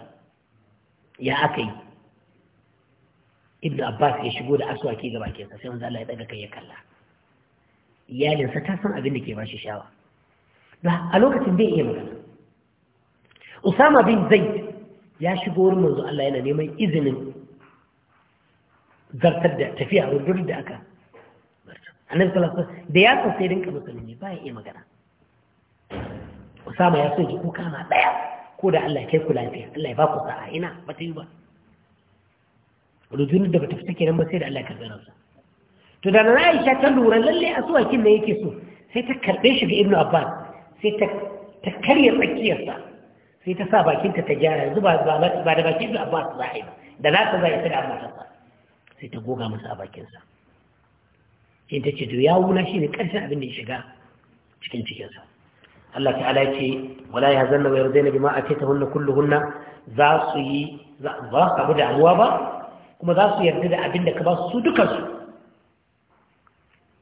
ya aka yi ibnu abbas ya shigo da aswaki ga sa sai wanda Allah ya daga kai ya kalla iyalinsa ta san abin da ke bashi shi shawa a lokacin bai iya magana usama bin zaid ya shigo wurin manzo Allah yana neman izinin zartar da tafiya rundunar da aka annabi sallallahu alaihi wasallam da ya san sai dinka musulmi ba ya iya magana usama ya so ji kuka ma daya ko da Allah ya kai ku lafiya Allah ya ba ku sa'a ina ba ta yi ba rundunar da ba ta fita kenan ba sai da Allah ya karɓi nasa to da na Aisha ta lura lalle a suwakin ne yake so sai ta karɓe shi ga Ibn Abbas sai ta karya tsakiyarsa sai ta sa bakinta ta gyara yanzu ba da bakin da abbas su a yi da za ta za a da amma ta sai ta goga masa a bakinsa in ta ce to ya wuna shi ne ƙarshen abin da ya shiga cikin cikinsa Allah ta'ala ya ce wala ya zanna wa yardaina bima atata hunna kulluhunna za su yi ba su abu da amuwa ba kuma za su yarda da abin da ka ba su dukansu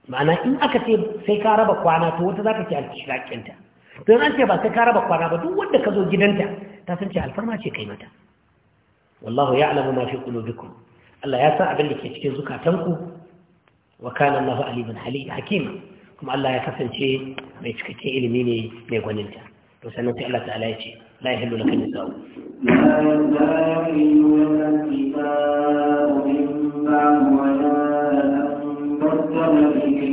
ma'ana in aka ce sai ka raba kwana to wata za ka ci alkishakinta don an ce ba sai ka raba kwana ba duk wanda ka zo gidanta ta san ce alfarma ce kai mata wallahu ya'lamu mafi fi qulubikum Allah ya san abin da ke cikin zukatanku wa kana Allahu aliman hakima kuma Allah ya kasance mai cikakken ilimi ne mai gwaninta to sannan sai Allah ta'ala ya ce la yahillu laka nisa'u la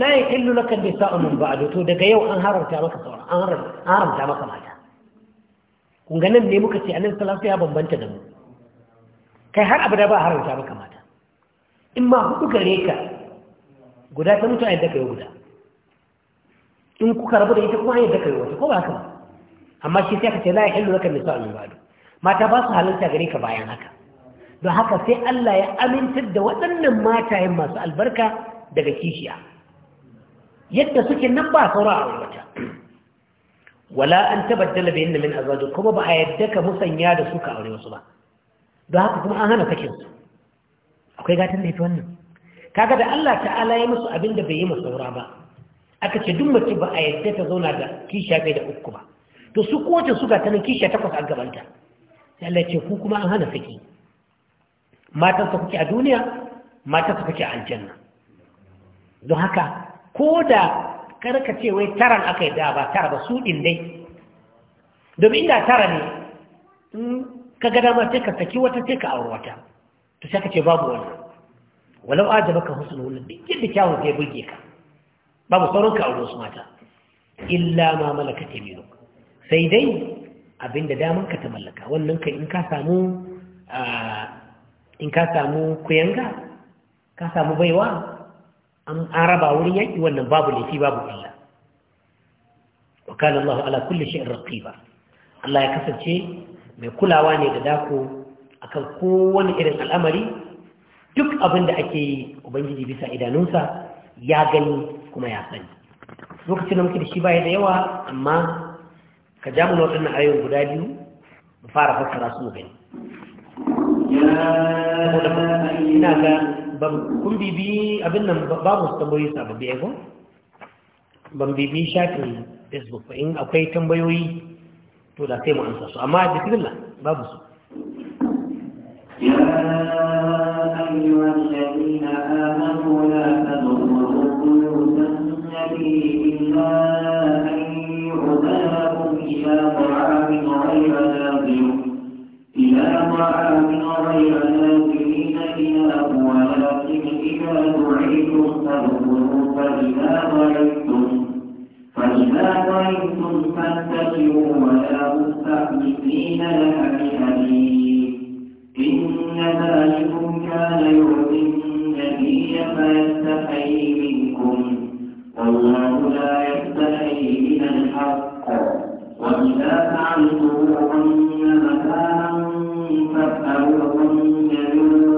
لا يحل لك النساء من بعد وتودك يو أن هرمت عمك صورة أن هرم هرمت عمك ماجا ونقلنا من يمك سيئنا الثلاثة يا بمبان تنمو كي هر أبدا با هرمت عمك ماجا إما هدوك ليك قدا تنمو عندك يو قدا إن كو كربو ليك ما عندك يو قدا كو باكما أما الشيسيك سيئنا لا يحل لك النساء من بعد ما تباس هلن تغريك بايانك دو هكا سيئ الله يأمن تد وطن ما تهم سأل بركة دغتيشيا yadda suke nan ba saura a wata wala an tabaddala bayin min azwajin kuma ba a yadda ka musanya da su ka aure wasu ba don haka kuma an hana sakin su akwai gatan da ita wannan kaga da Allah ta'ala ya musu abin da bai yi musu saura ba aka ce duk mace ba a yadda ta zauna da kisha bai da uku ba to su kowace suka ta nan kisha takwas a gabanta sai Allah ce ku kuma an hana saki matansa kuke a duniya matansa kuke a aljanna don haka ko da karka ce wai taran aka yi ba tara ba su ɗin dai domin da tara ne in ka gada ma sai ka saki wata sai ka auri wata to sai ka ce babu wannan walau ajaba ka husnu wannan duk yadda kyawun zai burge ka babu sauran ka auri wasu mata illa ma malakat biyu sai dai abinda daman ka ta mallaka wannan ka samu in ka samu ah, kuyanga ka samu baiwa an araba wurin yaƙi wannan babu laifi babu illa wa kana Allah ala kulli shay'in raqiba Allah ya kasance mai kulawa ne da dako akan kowanne irin al'amari duk abin da ake yi ubangiji bisa idanunsa ya gani kuma ya sani lokacin da muke da shi baya da yawa amma ka ja mana waɗannan ayoyin guda biyu mu fara fassara su mu gani ina ga kun bibi abin nan babu tambayoyi sababbi ya ban bibi shafin facebook ba in akwai tambayoyi to da sai mu amsa su amma da kirilla babu su إلى طعام غير ذاقب إذا دعيتم فإذا مرضتم فإذا ولا مستحدثين لها بحديث إن ذلكم كان يؤذي النبي فيستحيي منكم والله لا يستحيي من الحق وإذا فعلتموهن مكانا فاسألوهن من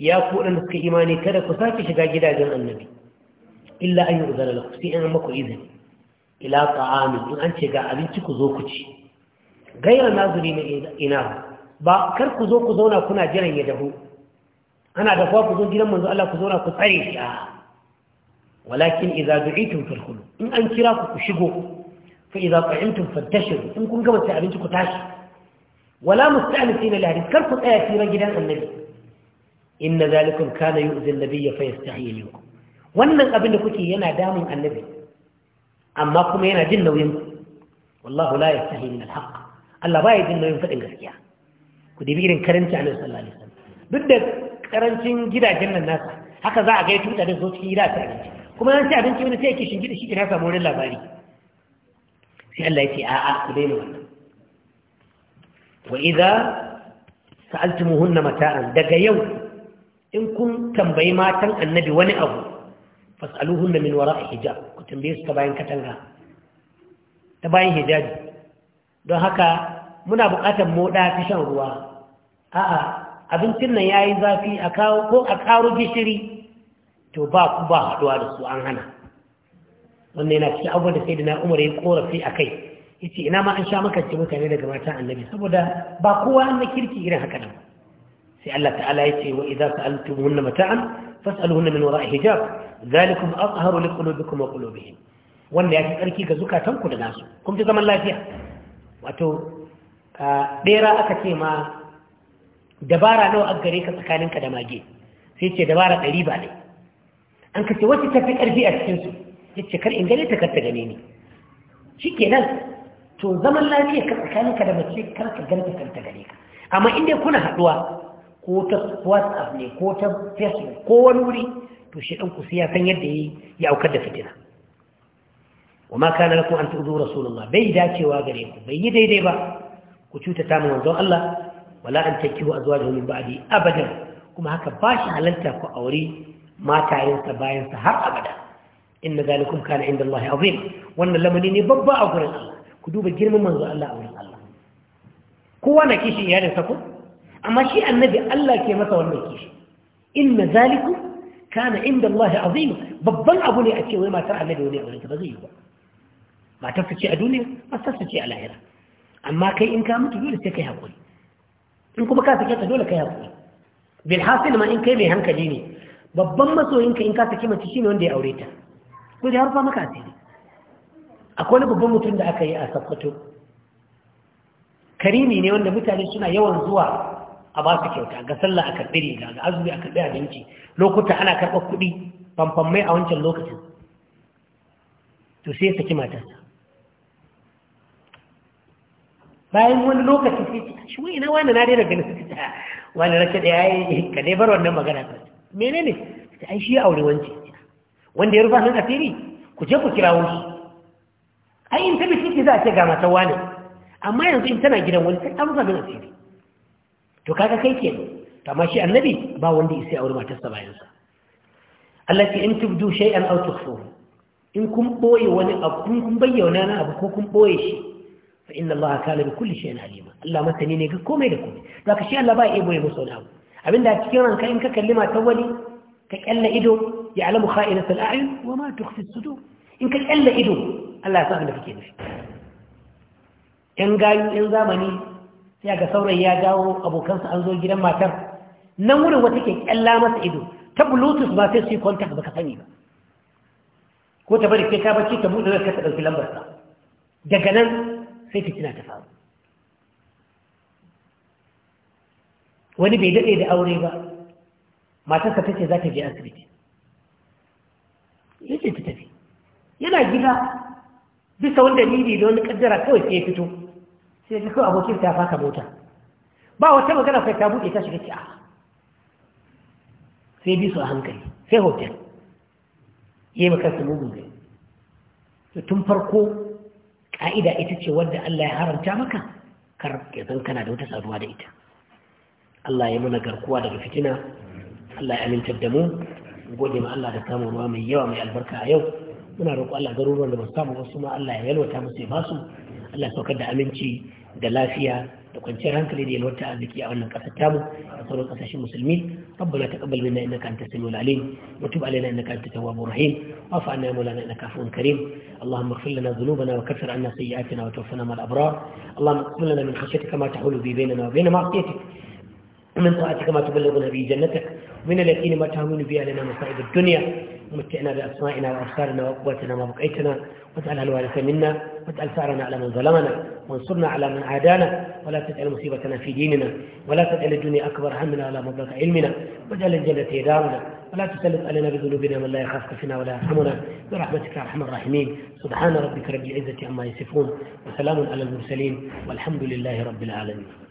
ya ku waɗanda suka imani kada ku sake shiga gidajen annabi illa an yi uzara lakum sai an maku izini ila ta'ami in an ce ga abinci ku zo ku ci gairar nazuri na ina ba kar ku zo ku zauna kuna jiran ya dahu ana da kuwa ku zo gidan manzo Allah ku zauna ku tsare shi a walakin idza du'itum fadkhulu in an kira ku ku shigo fa idza qa'imtum fantashiru in kun gama ci abinci ku tashi wala musta'nisina li hadith kar ku tsaya firan gidan annabi inna zalikum kana yu'zi an-nabiyya fayastahi minkum wannan abin da kuke yana damun annabi amma kuma yana jin nauyin ku wallahu la yastahi min al-haqq Allah baya jin nauyin fadin gaskiya ku dibi irin karanci annabi sallallahu alaihi wasallam duk da karancin gidajen nan nasa haka za a ga tuta da zo cikin gida ta abinci kuma an ci abinci wani sai yake gida shi ina samu wani labari sai Allah ya ce a'a ku daina wannan wa idza sa'altumuhunna mata'an daga yau in kun tambayi matan annabi wani abu da min a hijab ku tambaye su ta bayan katanga ta bayan hijabi don haka muna buƙatar moda ta shan ruwa a'a abincin nan ya yi zafi a kawo ko a karo gishiri to ba ku ba haɗuwa da su an hana wannan yana cikin abubuwan da sai da na umar ya korafi a kai yace ina ma an sha makarci mutane daga matan annabi saboda ba kowa na kirki irin haka nan sai Allah ta'ala ya ce wa idza sa'altumuhunna mata'an fas'aluhunna min wara'i hijab zalikum azharu liqulubikum wa qulubihim wanda ya fi tsarki ga zukatanku da nasu kun fi zaman lafiya wato bera aka ce ma dabara nawa a gare ka tsakaninka da mage sai ce dabara ɗari ba ne an ka ce wacce ta fi ƙarfi a cikinsu ya ce kar in gane ta kar ta gane ni shi kenan to zaman lafiya ka tsakaninka da mace kar ka gane ta kar ta gane ka amma inda kuna haɗuwa ko ta whatsapp ne ko ta facebook ko wani wuri to shi ɗan ku ya san yadda ya ya aukar da fitina wa ma kana lakum an tu'zu rasulullah bai dacewa gare ku bai yi daidai ba ku cuta ta manzon Allah wala an takihu azwajuhu min ba'di abadan kuma haka ba shi halalta ku aure matayensa bayansa har abada inna zalikum kana inda Allah azim wannan lamari ne babba a gurin Allah ku duba girman manzo Allah a wurin Allah kowa na kishin iyalinsa ku? amma shi annabi Allah ke masa wannan kishi inna zalikum kana inda Allah azim babban abu ne a ce wai matar annabi wani aure ta ba zai yi ba matar ta ce a duniya matar ta ce a lahira amma kai in ka mutu dole sai kai hakuri in kuma ka sake ta dole kai hakuri bil hasil ma in kai mai hankali ne babban masoyinka in ka sake mace shine wanda ya aure ta ko da harfa maka asiri akwai wani babban mutum da aka yi a sakkwato karimi ne wanda mutane suna yawan zuwa a ba su kyauta ga sallah a karɓi riga ga azumi a karɓi abinci lokuta ana karɓar kuɗi famfan mai a wancan lokacin to sai ya saki matarsa bayan wani lokaci sai ce shi wani wani na daina ganin su ta wani rake da ya yi ka dai bar wannan magana ta mene ne ta ai shi aure wance wanda ya rufa nan a fili ku je ku kira wani ai in tabbaci bi za a ce ga matar wani amma yanzu in tana gidan wani sai an rufa nan a fili to kaga kai ke amma shi annabi ba wanda ya sai aure matarsa bayan sa allati in tubdu shay'an aw tukhfu in kun boye wani abu kun bayyana na abu ko kun boye shi fa inna allaha kana bi kulli shay'in alima allah masani ne ga komai da komai zaka shi allah ba ya boye musu wani abu abinda cikin ranka in ka kalli matar wani ka kyalla ido ya alamu kha'inatul a'yun wa ma tukhfi as-sudur in ka kyalla ido Allah ya san da kake nufi yan gayu yan zamani sai ga saurayi ya dawo abokansa an zo gidan matar nan wurin wata ke kyalla masa ido ta bluetooth ba sai su yi contact ka sani ba ko ta bari sai ka bacci ta buɗe ka ta ɗauki lambar sa daga nan sai fitina ta faru wani bai daɗe da aure ba matarsa ta ce za ta je asibiti ya ce ta tafi yana gida bisa wanda dalili da wani kaddara kawai sai ya fito sai ga kawai abokin ta faka mota ba wata magana kai ta buɗe ta shiga ci a sai bi su a hankali sai hotel ya yi makarsa mugun gai to tun farko ƙa'ida ita ce wadda Allah ya haramta maka kar ya zan kana da wata saduwa da ita Allah ya mana garkuwa daga fitina Allah ya amintar da mu gode ma Allah da samun ruwa mai yawa mai albarka a yau muna roƙo Allah garuruwan da ba samu wasu ma Allah ya yalwata musu ya basu Allah saukar da aminci da lafiya da kwanciyar hankali da yalwar arziki a wannan ƙasar tamu da sauran ƙasashen musulmi rabbana taqabbal minna innaka antas samiul alim wa tub alaina innaka antat tawwabur rahim wa fa anna mawlana innaka afuwun karim اللهم اغفر لنا ذنوبنا وكفر عنا سيئاتنا وتوفنا مع الابرار اللهم اقسم لنا من خشيتك ما تحول بي بيننا وبين معصيتك ومن طاعتك ما تبلغنا به جنتك ومن اليقين ما تهون به علينا مصائب الدنيا ومتعنا باسمائنا وابصارنا وقوتنا ما بقيتنا واجعلها الوارث منا واجعل ثارنا على من ظلمنا وانصرنا على من عادانا ولا تجعل مصيبتنا في ديننا ولا تجعل الدنيا أكبر همنا ولا مبلغ علمنا واجعل الجنة دارنا ولا تسلط علينا بذنوبنا من لا يخافك فينا ولا يرحمنا برحمتك يا أرحم الراحمين سبحان ربك رب العزة عما يصفون وسلام على المرسلين والحمد لله رب العالمين